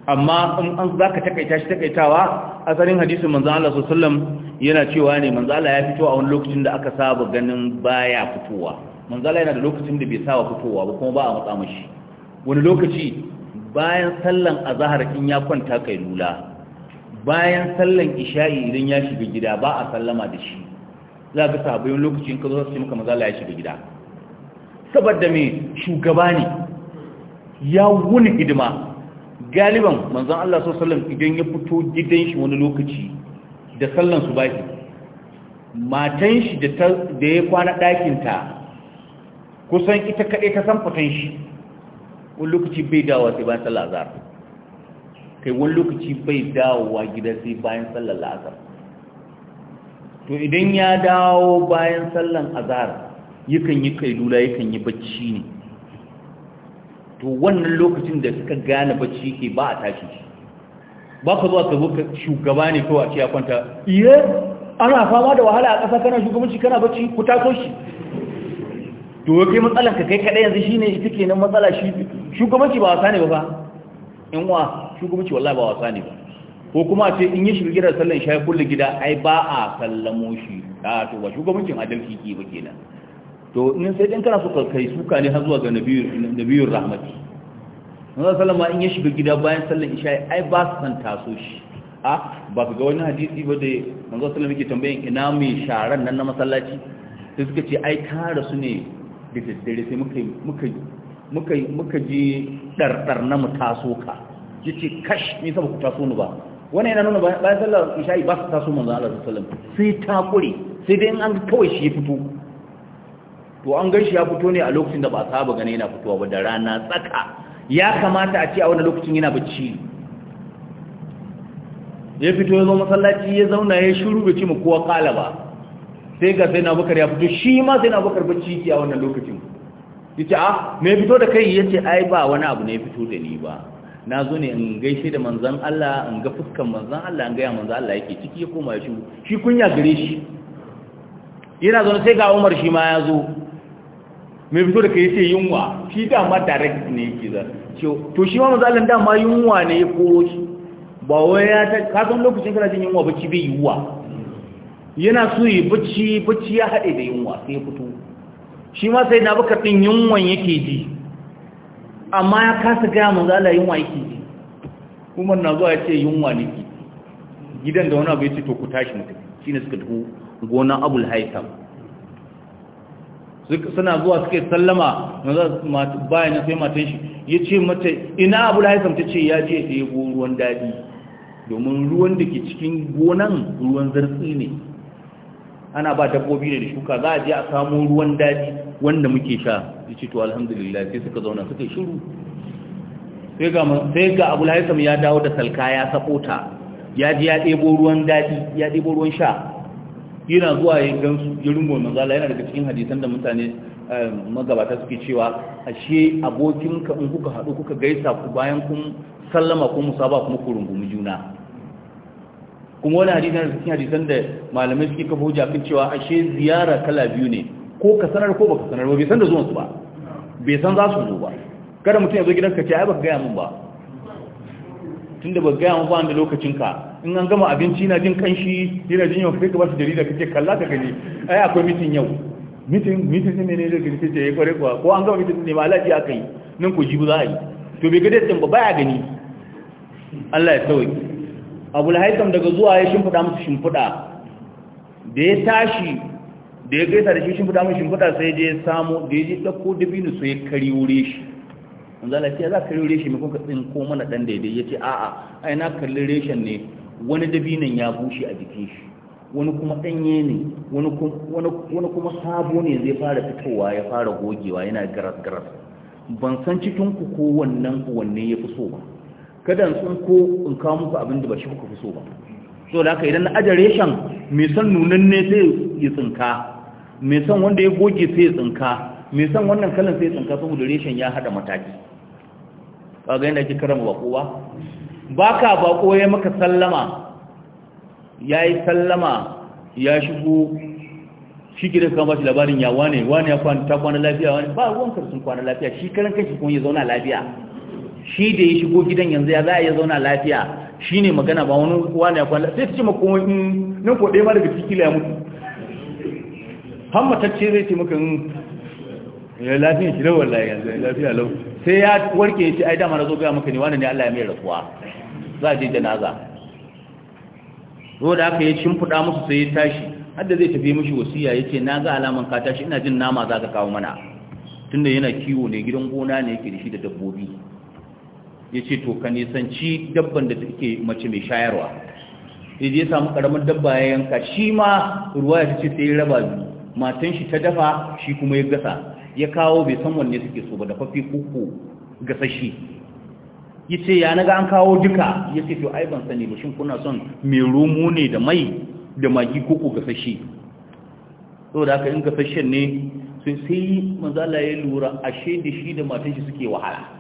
amma an za ka takaita shi takaitawa asalin hadisin manzan Allah sosallam yana cewa ne manzan Allah ya fito a wani lokacin da aka saba ganin baya fitowa manzan Allah yana da lokacin da bai saba fitowa ba kuma ba a matsa mashi wani lokaci bayan sallan azahar in ya kwanta kai lula bayan sallan isha'i idan ya shiga gida ba a sallama da shi za ga sahabbai lokacin ka zo su maka maza ya shiga gida saboda me shugaba ne ya wuni hidima galiban manzon Allah sallallahu alaihi idan ya fito gidan shi wani lokaci da sallan su baki matan shi da da ya kwana ɗakin ta kusan ita kaɗai ta san fitan shi wani lokaci bai dawo sai bayan sallar azhar kai wani lokaci bai dawowa gida sai bayan sallar la'asar to idan ya dawo bayan sallar azhar yakan yi kailula yakan yi bacci ne to wannan lokacin da suka gane bacci ke ba a tashi ba ka zuwa ka zo ka shugaba ne kawai a ce ya kwanta iye ana fama da wahala a ƙasa kana shugabanci kana bacci ku taso shi to kai matsalar ka kai kaɗai yanzu shine ita kenan matsala shi shugabanci ba wasa ne ba ba in wa shugabanci wallahi ba wasa ne ba ko kuma ce in yi shirgi da sallan shayi kullu gida ai ba a sallamo shi a to ba shugabancin adalci ki ba kenan to in sai dan kana so ka kai suka ne har zuwa ga nabiyur nabiyur rahmati Allah sallama in yi shiga gida bayan sallan isha ai ba su san taso shi a ba ga wani hadisi ba da manzo sallama yake tambayin ina mai sharan nan na masallaci sai suka ce ai kare su ne da daddare sai muka muka muka muka ji dardar na mutaso ka yace kash ni saboda ku taso ni ba wannan yana nuna bayan sallar isha'i ba su taso manzo Allah sallallahu alaihi wasallam sai ta kure sai dai an kawai shi ya fito to an gan shi ya fito ne a lokacin da ba saba gane yana fitowa ba da rana tsaka ya kamata a ce a wani lokacin yana bacci ya fito ya zo masallaci ya zauna ya shiru ga ci ma kowa kala ba sai ga sai na bakar ya fito shi ma sai na bakar bacci yake a wannan lokacin yace ah me fito da kai yace ai ba wani abu ne fito da ni ba na zo ne in gaishe da manzon Allah in ga fuskan manzon Allah in ga ya manzon Allah yake ciki ya koma shi shi kunya gare shi yana zo sai ga Umar shi ma ya zo me fito da kai yace yunwa shi da ma direct ne yake za to shi ma manzon Allah da ma yunwa ne ya koro shi ba wai ya ta ka san lokacin kana jin yunwa bacci bai yiwuwa yana so yi bacci bacci ya haɗe da yunwa sai ya fito shi ma sai na buka ɗin yunwan yake ji amma ya kasa gaya mun zala yunwa yake ji kuma na zuwa ya ce yunwa ne ke gidan da wani abu ya ce to ku tashi mutum shi ne suka tafi gona abul haitam suna zuwa suka yi sallama bayan na sai matan shi ya ce mata ina abul haitam ta ce ya je ya ɗebo ruwan daɗi domin ruwan da ke cikin gonan ruwan zartsi ne ana ba dabbobi ne da shuka za a je a samu ruwan daji wanda muke sha ya ce to alhamdulillah sai suka zauna suka yi shiru sai ga abu haisam ya dawo da salka ya saɓota ya ji ya ɗebo ruwan daji ya ɗebo ruwan sha yana zuwa ya gansu ya rungo manzala yana daga cikin hadisan da mutane eh, magabata suke cewa ashe abokinka in kuka haɗu kuka gaisa ku bayan kun sallama ko musaba kuma ku rungumi juna kuma wani hadisi na cikin hadisan da malamai suke kafa hujja kan cewa ashe ziyara kala biyu ne ko ka sanar ko baka sanar ba bai san da zuwan su ba bai san za su zo ba kada mutum ya zo gidanka ce ai baka gaya min ba tunda baka gaya min ba da lokacin ka in an gama abinci na jin kanshi yana jin yau kai ka su jarida ce kalla ka gani ai akwai mitin yau mitin mitin ne ne da kake ce ya eh, kware kuwa ko an gama mitin ne ma alaji aka yi nan ko jibu za a yi to bai gade dai ba baya gani Allah ya sauke abu lahaikam daga zuwa ya shimfiɗa musu shimfiɗa da ya tashi da ya gaisa da shi shimfiɗa musu shimfiɗa sai da ya samu da ya ji ɗauko dabino sai ya kari shi wanda ala ce za a kari shi mai kuka tsin ko mana ɗan daidai ya ce a'a ai na kalli reshen ne wani dabinon ya bushe a jikin shi wani kuma ɗanye ne wani kuma sabo ne zai fara fitowa ya fara gogewa yana garas garas ban san cikin ku ko wannan ku wanne ya fi so ba kada in ko in kawo muku abin da ba shi kuka fi so ba so da haka idan na ajare reshen mai san nunan ne sai ya tsinka mai san wanda ya goge sai ya tsinka mai san wannan kalan sai ya tsinka saboda reshen ya hada mataki Ba ga yadda ake karama bako ba ka bako ya maka sallama ya yi sallama ya shigo shi gida ka ba shi labarin ya wane wane ya kwanta kwana lafiya wane ba ruwan karsun kwana lafiya shi karan kanshi kun ya zauna lafiya shi da ya shigo gidan yanzu ya za a iya zauna lafiya shi ne magana ba wani wani ya kwallo sai ta ce maka wani nan ko ɗaya ma daga ciki ya mutu ce zai ce maka hmm, ya lafiya shi rawar lafiya yanzu lafiya lau sai ya warke ya ce ai dama na zo gaya maka ne wani ne Allah ya mai rasuwa za a je janaza zo da aka yi shimfiɗa musu sai ya tashi hadda zai tafi mishi wasiya ya ce na ga alaman ka tashi ina jin nama za ka kawo mana tunda yana kiwo ne gidan gona ne yake da shi da dabbobi ya ce to ka nisanci dabban da take mace mai shayarwa sai ya samu karamin dabba ya yanka shi ma ruwa ya ce sai ya raba biyu matan shi ta dafa shi kuma ya gasa ya kawo bai san wanne suke so ba da fafi gasa shi. ya ce ya naga an kawo duka ya ce to ai ban sani ba shin kuna son mai romo ne da mai da magi koko shi. so da yin in gasashen ne sai manzala ya lura ashe da shi da matan shi suke wahala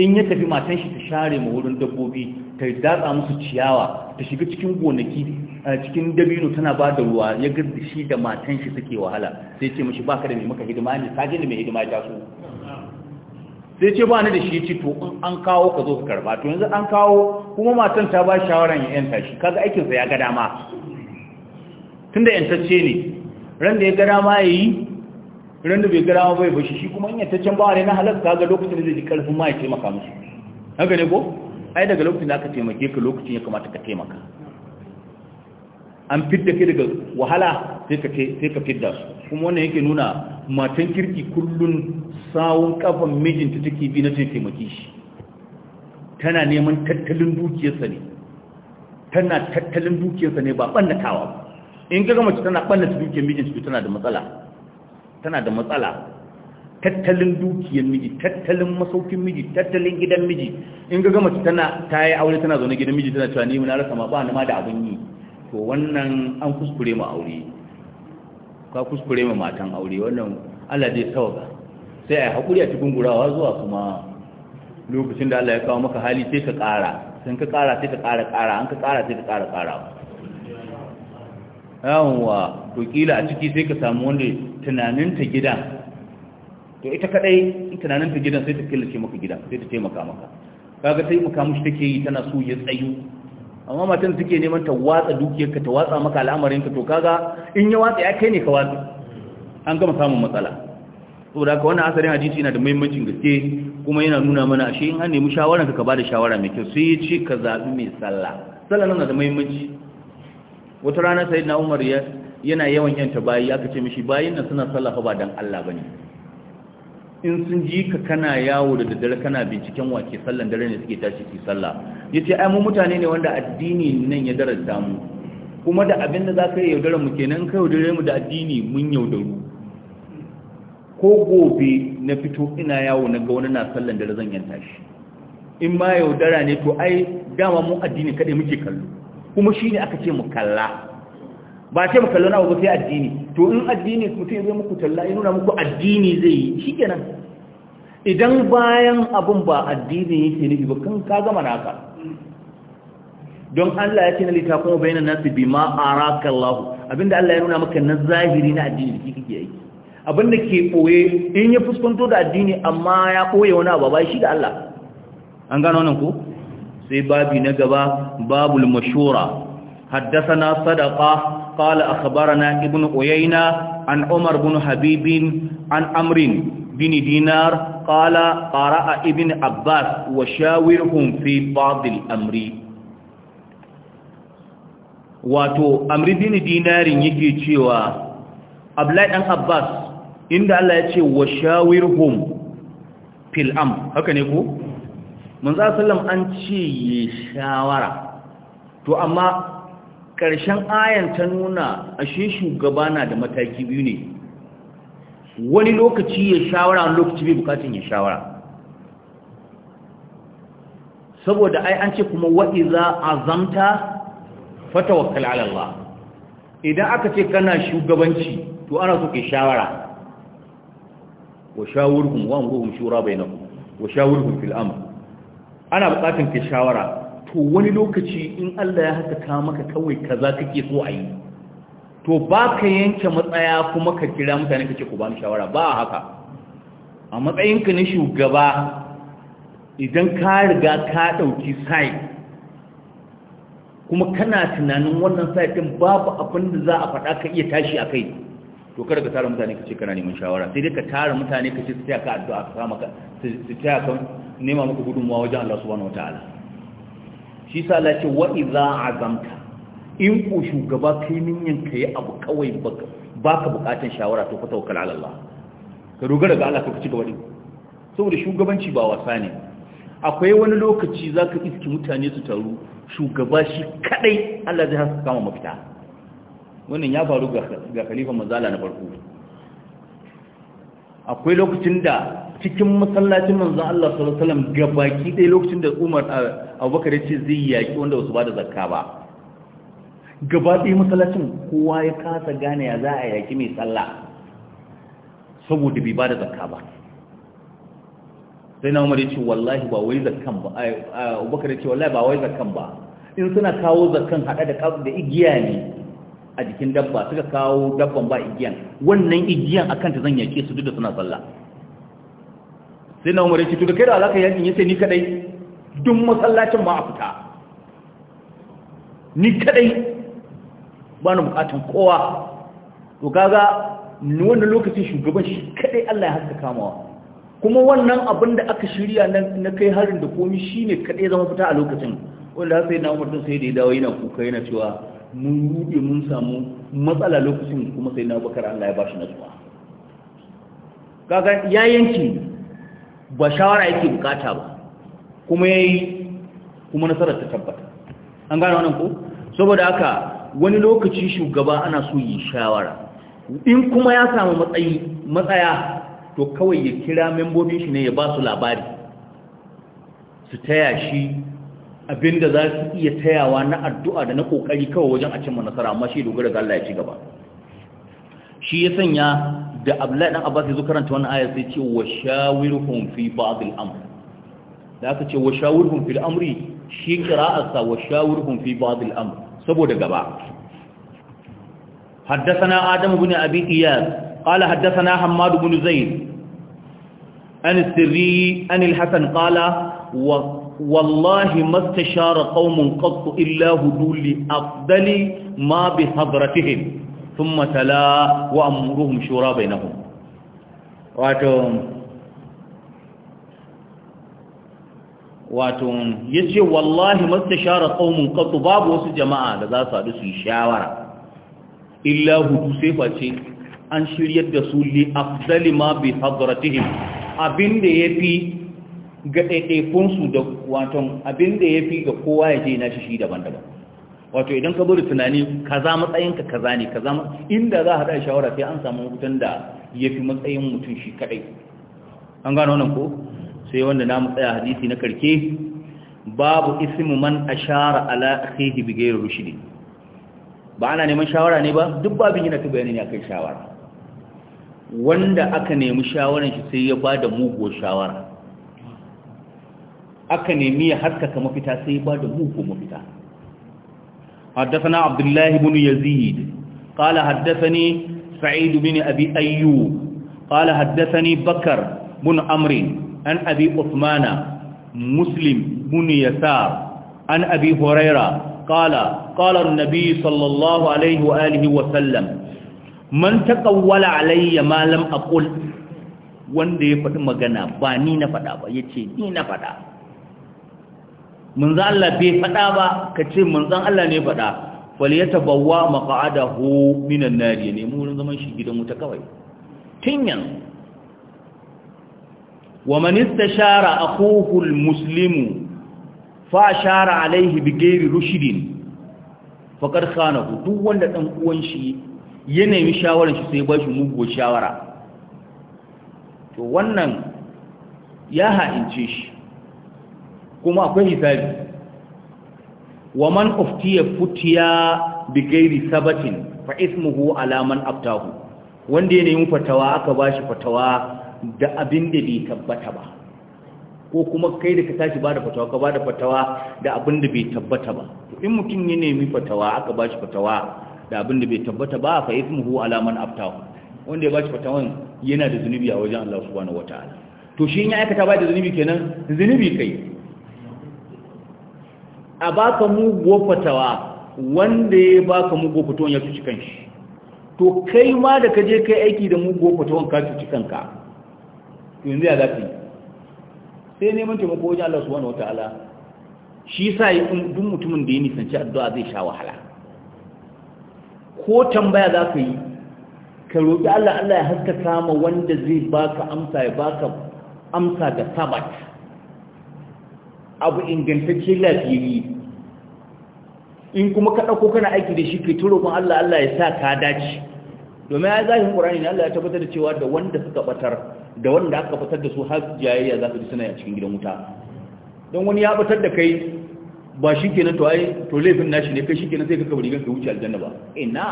in ya tafi matan shi ta share ma wurin dabbobi ta datsa musu ciyawa ta shiga cikin gonaki cikin dabino tana ba da ruwa ya ga shi da matan shi suke wahala sai ce mashi baka da mai maka hidima ne ka da mai hidima ta so sai ce ba ni da shi ya ce to an kawo ka zo ka karba to yanzu an kawo kuma matan ta ba shawaran ya yanta shi kaga aikin aikinsa ya ga dama tunda yantacce ne ran da ya ga dama ya yi. ran da bai gara bai bashi shi kuma in ya can bawa ne na halarta ga lokacin da zai ji karfin ma ya taimaka musu haka ne ko ai daga lokacin da aka taimake ka lokacin ya kamata ka taimaka an fidda ke daga wahala sai ka fidda su kuma wannan yake nuna matan kirki kullun sawun kafan mijinta take bi na taimake shi tana neman tattalin dukiyarsa ne tana tattalin dukiyarsa ne ba ɓannatawa in ga mace tana ɓannata dukiyar mijinta tana da matsala tana da matsala tattalin dukiyar miji tattalin masaukin miji tattalin gidan miji in ga mace tana ta yi aure tana zaune gidan miji tana cewa ni na rasa ma ba ni ma da abin yi to wannan an kuskure mu aure ka kuskure mu matan aure wannan Allah zai sauka sai ai hakuri a cikin gurawa zuwa kuma lokacin da Allah ya kawo maka hali sai ka ƙara sai ka ƙara sai ka ƙara ƙara an ka ƙara sai ka ƙara ƙara yawonwa to kila a ciki sai ka samu wanda tunaninta gidan to ita kadai tunaninta gidan sai ta killace maka gidan sai ta taimaka maka kaga taimaka mushi take yi tana so ya tsayu amma matan take neman ta watsa dukiyarka ta watsa maka al'amarin ka to kaga in ya watsa ya kai ne ka watsa an gama samun matsala saboda ka wannan asarin hadisi yana da muhimmancin gaske kuma yana nuna mana ashe in an nemi shawara ka bada shawara mai kyau sai ya ce ka zaɓi mai sallah sallah nan na da muhimmanci wata rana sai na umar yana yawan yanta bayi aka ce mishi bayin nan suna sallafa ba dan Allah bane in sun ji ka kana yawo da daddare kana binciken wake sallan dare ne suke tashi ki sallah yace ai mu mutane ne wanda addini nan ya daranta mu kuma da abin da zaka yaudara mu kenan kai yaudare mu da addini mun yaudaru ko gobe na fito ina yawo na ga wani na sallan dare zan yanta shi in ma yaudara ne to ai dama mu addini kada muke kallo kuma shi ne aka ce mu kalla ba ce mu kalla na ba sai addini to in addini mutum zai muku talla ya nuna muku addini zai yi Shi nan. idan bayan abin ba addini yake nufi ba kan ka gama naka don Allah ya ce na littafin bayanan nasu bi ma araka lahu abinda Allah ya nuna maka na zahiri na addini da kike yi abinda ke koye in ya fuskanto da addini amma ya koye wani abu ba shi da Allah an gano nan ko sai babi na gaba babul mashura haddathana sadaqa qala akhbarana ibnu uyayna an umar ibn habibin an amrin bin dinar qala qaraa ibn abbas wa shawirhum fi amri wato amri bin dinarin yake cewa abla dan abbas inda Allah ya ce wa shawirhum fil am haka ne ku manzo sallam an ce yi shawara to amma ƙarshen ayan ta nuna ashe shugaba na da mataki biyu ne wani lokaci ya shawara wani lokaci bai bukatun ya shawara saboda ai an ce kuma wa'iza zamta fata ala Allah idan aka ce kana shugabanci to ana so ke shawara wa shawurhum wa shura shura na wa shawurhum fil amr ana bukatun ka shawara to wani lokaci in Allah ya haka ka maka kawai kaza kake so a yi to ba ka yanke matsaya kuma ka kira mutane kake ku bani shawara ba haka a matsayinka na shugaba idan ka riga ka ɗauki site kuma kana tunanin wannan site ɗin babu abin da za a faɗa ka iya tashi a kai to kada ka tara mutane ka ce kana neman shawara sai dai ka tara mutane ka ce su taya ka addu'a ka su taya ka nema muku gudunmuwa wajen Allah subhanahu wataala shi sa la ce wa idza azamta in ku shugaba kai minyan kai abu kawai baka baka bukatan shawara to fa tawakkal ala Allah ka dogara ga Allah ka ci gaba din saboda shugabanci ba wasa ne akwai wani lokaci zaka iski mutane su taru shugaba shi kadai Allah zai haska kama mafita wannan ya faru ga khalifa manzala na farko akwai lokacin da cikin masallacin manzon Allah sallallahu alaihi wasallam gabaki ɗaya lokacin da Umar Abubakar ya ce zai yaki wanda ba su ba da zakka ba gaba ɗaya masallacin kowa ya kasa gane ya za a yaki mai sallah saboda bai ba da zakka ba sai na umar ya ce wallahi ba wai zakkan ba abubakar ya ce wallahi ba wai zakkan ba in suna kawo zakkan haɗa da da igiya ne a jikin dabba suka kawo dabban ba igiyan wannan igiyan akan ta zan yake su duk da suna sallah sai na umarci ce to da kai da alaka yankin ya ce ni kadai duk masallacin ma a fita ni kadai ba na bukatun kowa to kaga wannan lokacin shugaban shi kadai Allah ya haska kamawa kuma wannan abin da aka shirya na kai harin da komi shine kadai zama fita a lokacin wanda sai na umar sai da ya dawo yana kuka yana cewa mun rude mun samu matsala lokacin kuma sai na bakar Allah ya bashi nasuwa kaga ya yanki ba shawara yake bukata ba kuma yayi kuma nasarar ta tabbata an gane wannan ko saboda haka wani lokaci shugaba ana so yi shawara in kuma ya samu matsayi matsaya to kawai ya kira membobin shi ne ya ba su labari su taya shi abinda za su iya tayawa na addu'a da na kokari kawai wajen a cimma nasara amma shi dogara ga Allah ya ci gaba shi ya sanya da abdullahi dan abbas yazo karanta wannan aya sai ce wa shawirhum fi ba'd al-amr da aka ce wa shawirhum fil amri shi qira'arsa wa shawirhum fi ba'd al-amr saboda gaba haddathana حدثنا آدم بن أبي إياس قال حدثنا حماد بن زيد sirri an al-hasan qala wa والله ما استشار قوم قط إلا هدول أفضل ما بحضرتهم thumma tala wa amruhum shura nahu. wato wato yace wallahi mastashara qaumun kasu babu wasu jama'a da za su haɗu su yi shawara illa hudu sai face an shiryar da su li afdali ma bi hadratihim abinda yafi ga ɗaiɗaikunsu da waton abinda fi ga kowa ya je na shi daban-daban wato idan ka bari tunani kaza matsayinka kaza ne kaza inda za a haɗa shawara sai an samu hutan da ya fi matsayin mutum shi kadai. an gano nan ko sai wanda na matsaya hadisi na karke babu ismu man ashara ala akhihi bi ghayri rushdi ba ana neman shawara ne ba duk babin yana ta bayani ne akan shawara wanda aka nemi shawaran shi sai ya bada muguwar shawara aka nemi ya haskaka mafita sai ya bada muguwar mafita حدثنا عبد الله بن يزيد قال حدثني سعيد بن أبي أيوب قال حدثني بكر بن عمرو عن أبي عثمان مسلم بن يسار عن أبي هريرة قال قال النبي صلى الله عليه وآله وسلم من تقول علي ما لم أقل wanda ya faɗi magana ba ni na faɗa ba ya ce ni na faɗa manzan Allah bai faɗa ba ka ce zan Allah ne faɗa tabawwa maq'adahu minan nari ne mu wurin zaman shi gidan wuta kawai tun yanzu wa man istashara akhuhu almuslimu fa ashara alayhi ghairi rushdin faqad khanahu duk wanda dan uwan shi ya nemi shawaran shi sai ba shi muguwar shawara to wannan ya ha'ince shi kuma akwai hisabi wa man uftiya futiya bi gairi sabatin fa ismuhu ala man aftahu wanda ya nemi fatawa aka bashi fatawa da abin da bai tabbata ba ko kuma kai da ka tashi ba da fatawa ka ba da fatawa da abin da bai tabbata ba in mutum ya nemi fatawa aka bashi fatawa da abin da bai tabbata ba fa ismuhu ala man aftahu wanda ya bashi fatawan yana da zunubi a wajen Allah subhanahu wataala to shi in ya aikata ba da zunubi kenan zunubi kai a baka muguwar fatawa wanda ya baka muguwar fatawan ya cuci kanshi to kai ma da ka je kai aiki da muguwar fatawan ka cuci kanka yanzu ya zafi sai neman taimako wajen Allah subhanahu wataala shi sa yi dun mutumin da ya nisanci addu'a zai sha wahala ko tambaya za ka yi ka roƙi Allah Allah ya haskaka ma wanda zai baka amsa ya baka amsa da sabat abu ingantacce lafiyayye in kuma ka ɗauko kana aiki da shi kai turo Allah Allah ya sa ka dace domin ya zahirin ƙurani ne Allah ya tabbatar da cewa da wanda suka batar da wanda aka batar da su har jayayya za su ji suna cikin gidan wuta don wani ya batar da kai ba shi kenan to ai to laifin nashi ne kai shi kenan sai ka kabari ganka ka wuce aljanna ba ina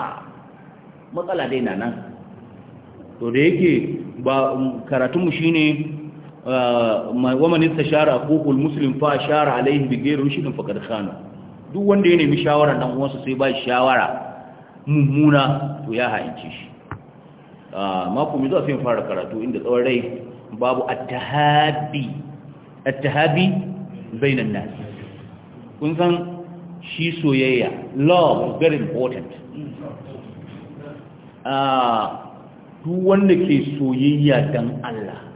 matsala dai na nan to da yake ba karatunmu shine wa man istashara aqul muslim fa shara alayhi bi ghayri rushdin faqad khana duk wanda ya nemi shawara dan uwansa sai ba shawara mummuna to ya haince shi mako mai zuwa sai fara karatu inda tsawon rai babu at-tahabi at-tahabi bainan nas kun san shi soyayya love is very important duk wanda ke soyayya dan Allah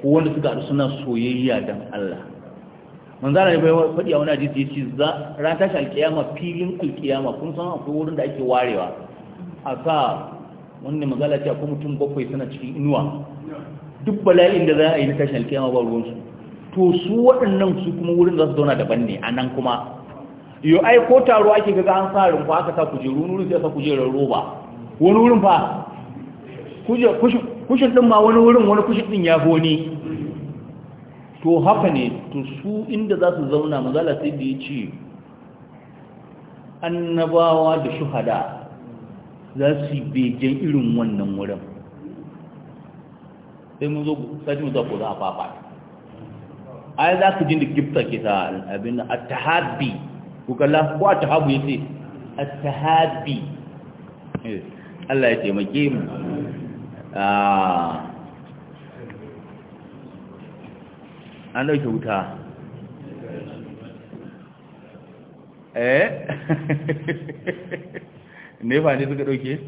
ko wanda suka haɗu suna soyayya don Allah manzara ya bai faɗi a wani hadisi ya ce za ran tashi alkiyama filin alkiyama kun san akwai wurin da ake warewa a sa wannan magana ce akwai mutum bakwai suna cikin inuwa duk bala'in da za a yi na tashin alkiyama ba ruwansu to su waɗannan su kuma wurin za su zauna daban ne a nan kuma yo ai ko taro ake ga an sa rumfa aka sa kujeru wani wurin sai aka kujerar roba wani wurin fa kushin ɗin ma wani wurin wani kushin ɗin ya goni to haka ne to su inda za su zauna mazala sai da ya ce annabawa da shuhada za su yi begen irin wannan wurin sai mun zo sati mun zafi za a fafa ai za su jin da gifta ke ta abin da attahabi ku kalla ko attahabu ya ce attahabi eh, Allah ya taimake mu Ah. an ɗauke wuta eh nefa ne suka ɗauke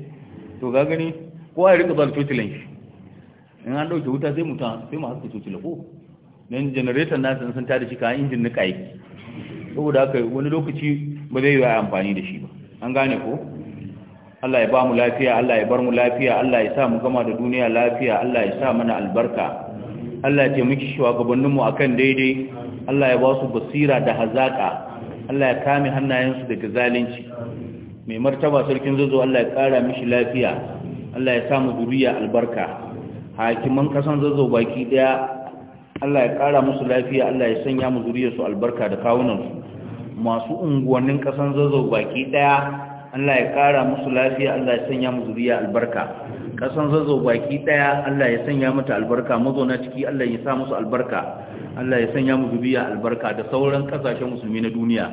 to ga gani kowa ya rika zuwa cocilan shi in an ɗauke wuta sai mutum sai mu haska cocila ko don generator nasu sun tada shi kayan injin nika yake saboda haka wani lokaci ba zai yi amfani da shi ba an gane ko Allah ya ba mu lafiya Allah ya bar mu lafiya Allah ya sa mu gama da duniya lafiya Allah ya sa mana albarka Allah ya ce taimaki shugabanninmu akan daidai Allah ya ba su basira da hazaka Allah ya kame hannayensu daga zalunci mai martaba sarkin zazo Allah ya kara mishi lafiya Allah ya sa mu zuriya albarka hakiman kasan zazo baki daya Allah ya kara musu lafiya Allah ya sanya mu zuriyarsu albarka da kawunansu masu unguwannin kasan zazzau baki ɗaya Allah ya ƙara musu lafiya Allah ya sanya musu zuriya albarka kasan zazo baki daya Allah ya sanya mata albarka mazauna ciki Allah ya sa musu albarka Allah ya sanya musu zuriya albarka da sauran kasashen musulmi na duniya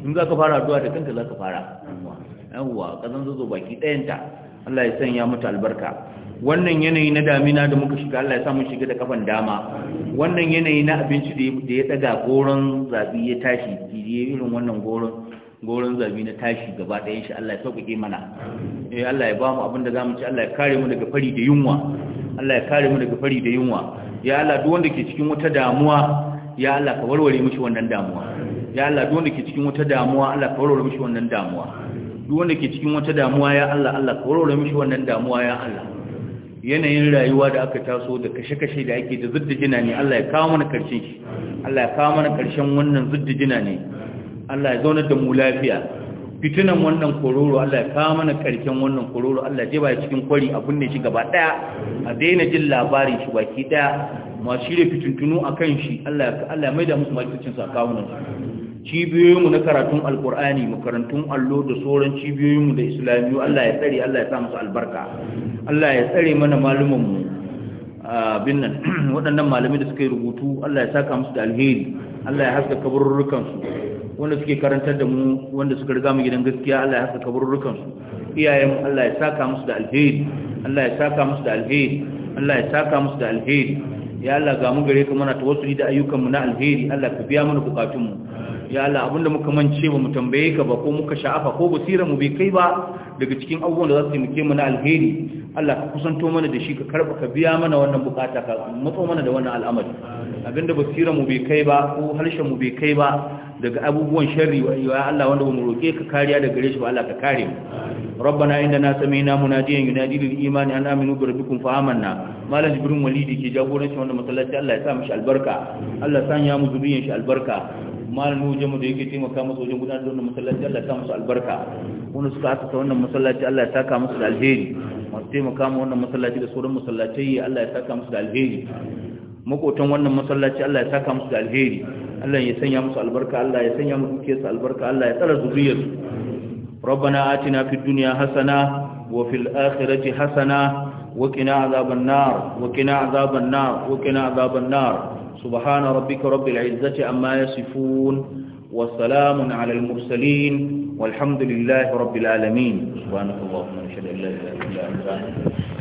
in za ka fara addu'a da kanka za ka fara yawa kasan zazo baki dayanta Allah ya sanya mata albarka wannan yanayi na damina da muka shiga Allah ya sa mun shiga da kafan dama wannan yanayi na abinci da ya daga goron zabi ya tashi irin wannan goron goron zabi na tashi gaba ɗaya shi Allah ya sauƙaƙe mana eh Allah ya bamu abin da zamu ci Allah ya kare mu daga fari da yunwa Allah ya kare mu daga fari da yunwa ya Allah duk wanda ke cikin wata damuwa ya Allah ka warware mishi wannan damuwa ya Allah duk wanda ke cikin wata damuwa Allah ka warware mishi wannan damuwa duk wanda ke cikin wata damuwa ya Allah Allah ka warware mishi wannan damuwa ya Allah yanayin rayuwa da aka taso da kashe-kashe da ake da zudda jina ne Allah ya kawo mana karshen shi Allah ya kawo mana karshen wannan zudda jina ne Allah ya zaunar da mu lafiya fitinan wannan kororo Allah ya kawo mana karken wannan kororo Allah je ba cikin kwari a kunne shi gaba daya a daina jin labarin shi baki daya ma shirye fitintunu kan shi Allah Allah ya maida musu malicin sakawunan cibiyoyinmu na karatun alkur'ani makarantun allo da sauran cibiyoyinmu da islamiyu Allah ya tsare Allah ya sa musu albarka Allah ya tsare mana malumanmu abin nan waɗannan malamai da suka yi rubutu Allah ya saka musu da alheri Allah ya haska kaburrukansu wanda suke karantar da mu wanda suka riga mu gidan gaskiya Allah ya saka kaburrukan su iyayen Allah ya saka musu da alheri Allah ya saka musu da alheri Allah ya saka musu da alheri ya Allah ga mu gare ka muna tawassuli da ayyukan mu na alheri Allah ka biya mana bukatun mu ya Allah abinda muka mance ba mu tambaye ka ba ko muka sha'afa ko basira mu bai kai ba daga cikin abubuwan da za su taimake mu na alheri Allah ka kusanto mana da shi ka karba ka biya mana wannan bukata ka matso mana da wannan al'amari abinda basira mu bai kai ba ko harshen mu bai kai ba daga abubuwan sharri ya Allah wanda mu roke ka kariya daga gare shi ba Allah ka kare mu rabbana indana sami'na munadiyan yunadi lil imani an aminu bi rabbikum fa amanna malam jibrin walidi ke jagoranci wannan masallaci Allah ya sa mishi albarka Allah ya sanya mu zuriyar shi albarka malamin wajen mu da yake taimaka musu wajen gudanar da wannan masallaci Allah ya sa musu albarka wani suka haka wannan masallaci Allah ya saka musu da alheri masu taimaka mu wannan masallaci da sauran masallatai Allah ya saka musu da alheri makotan wannan masallaci Allah ya saka musu da alheri Allah ya sanya musu albarka Allah ya sanya musu dukiyarsu albarka Allah ya tsara zuriyarsu ربنا آتنا في الدنيا حسنة وفي الآخرة حسنة وقنا عذاب النار وقنا عذاب النار وقنا عذاب النار سبحان ربك رب العزة أما يصفون وسلام على المرسلين والحمد لله رب العالمين سبحانك اللهم نشهد أن لا إله إلا أنت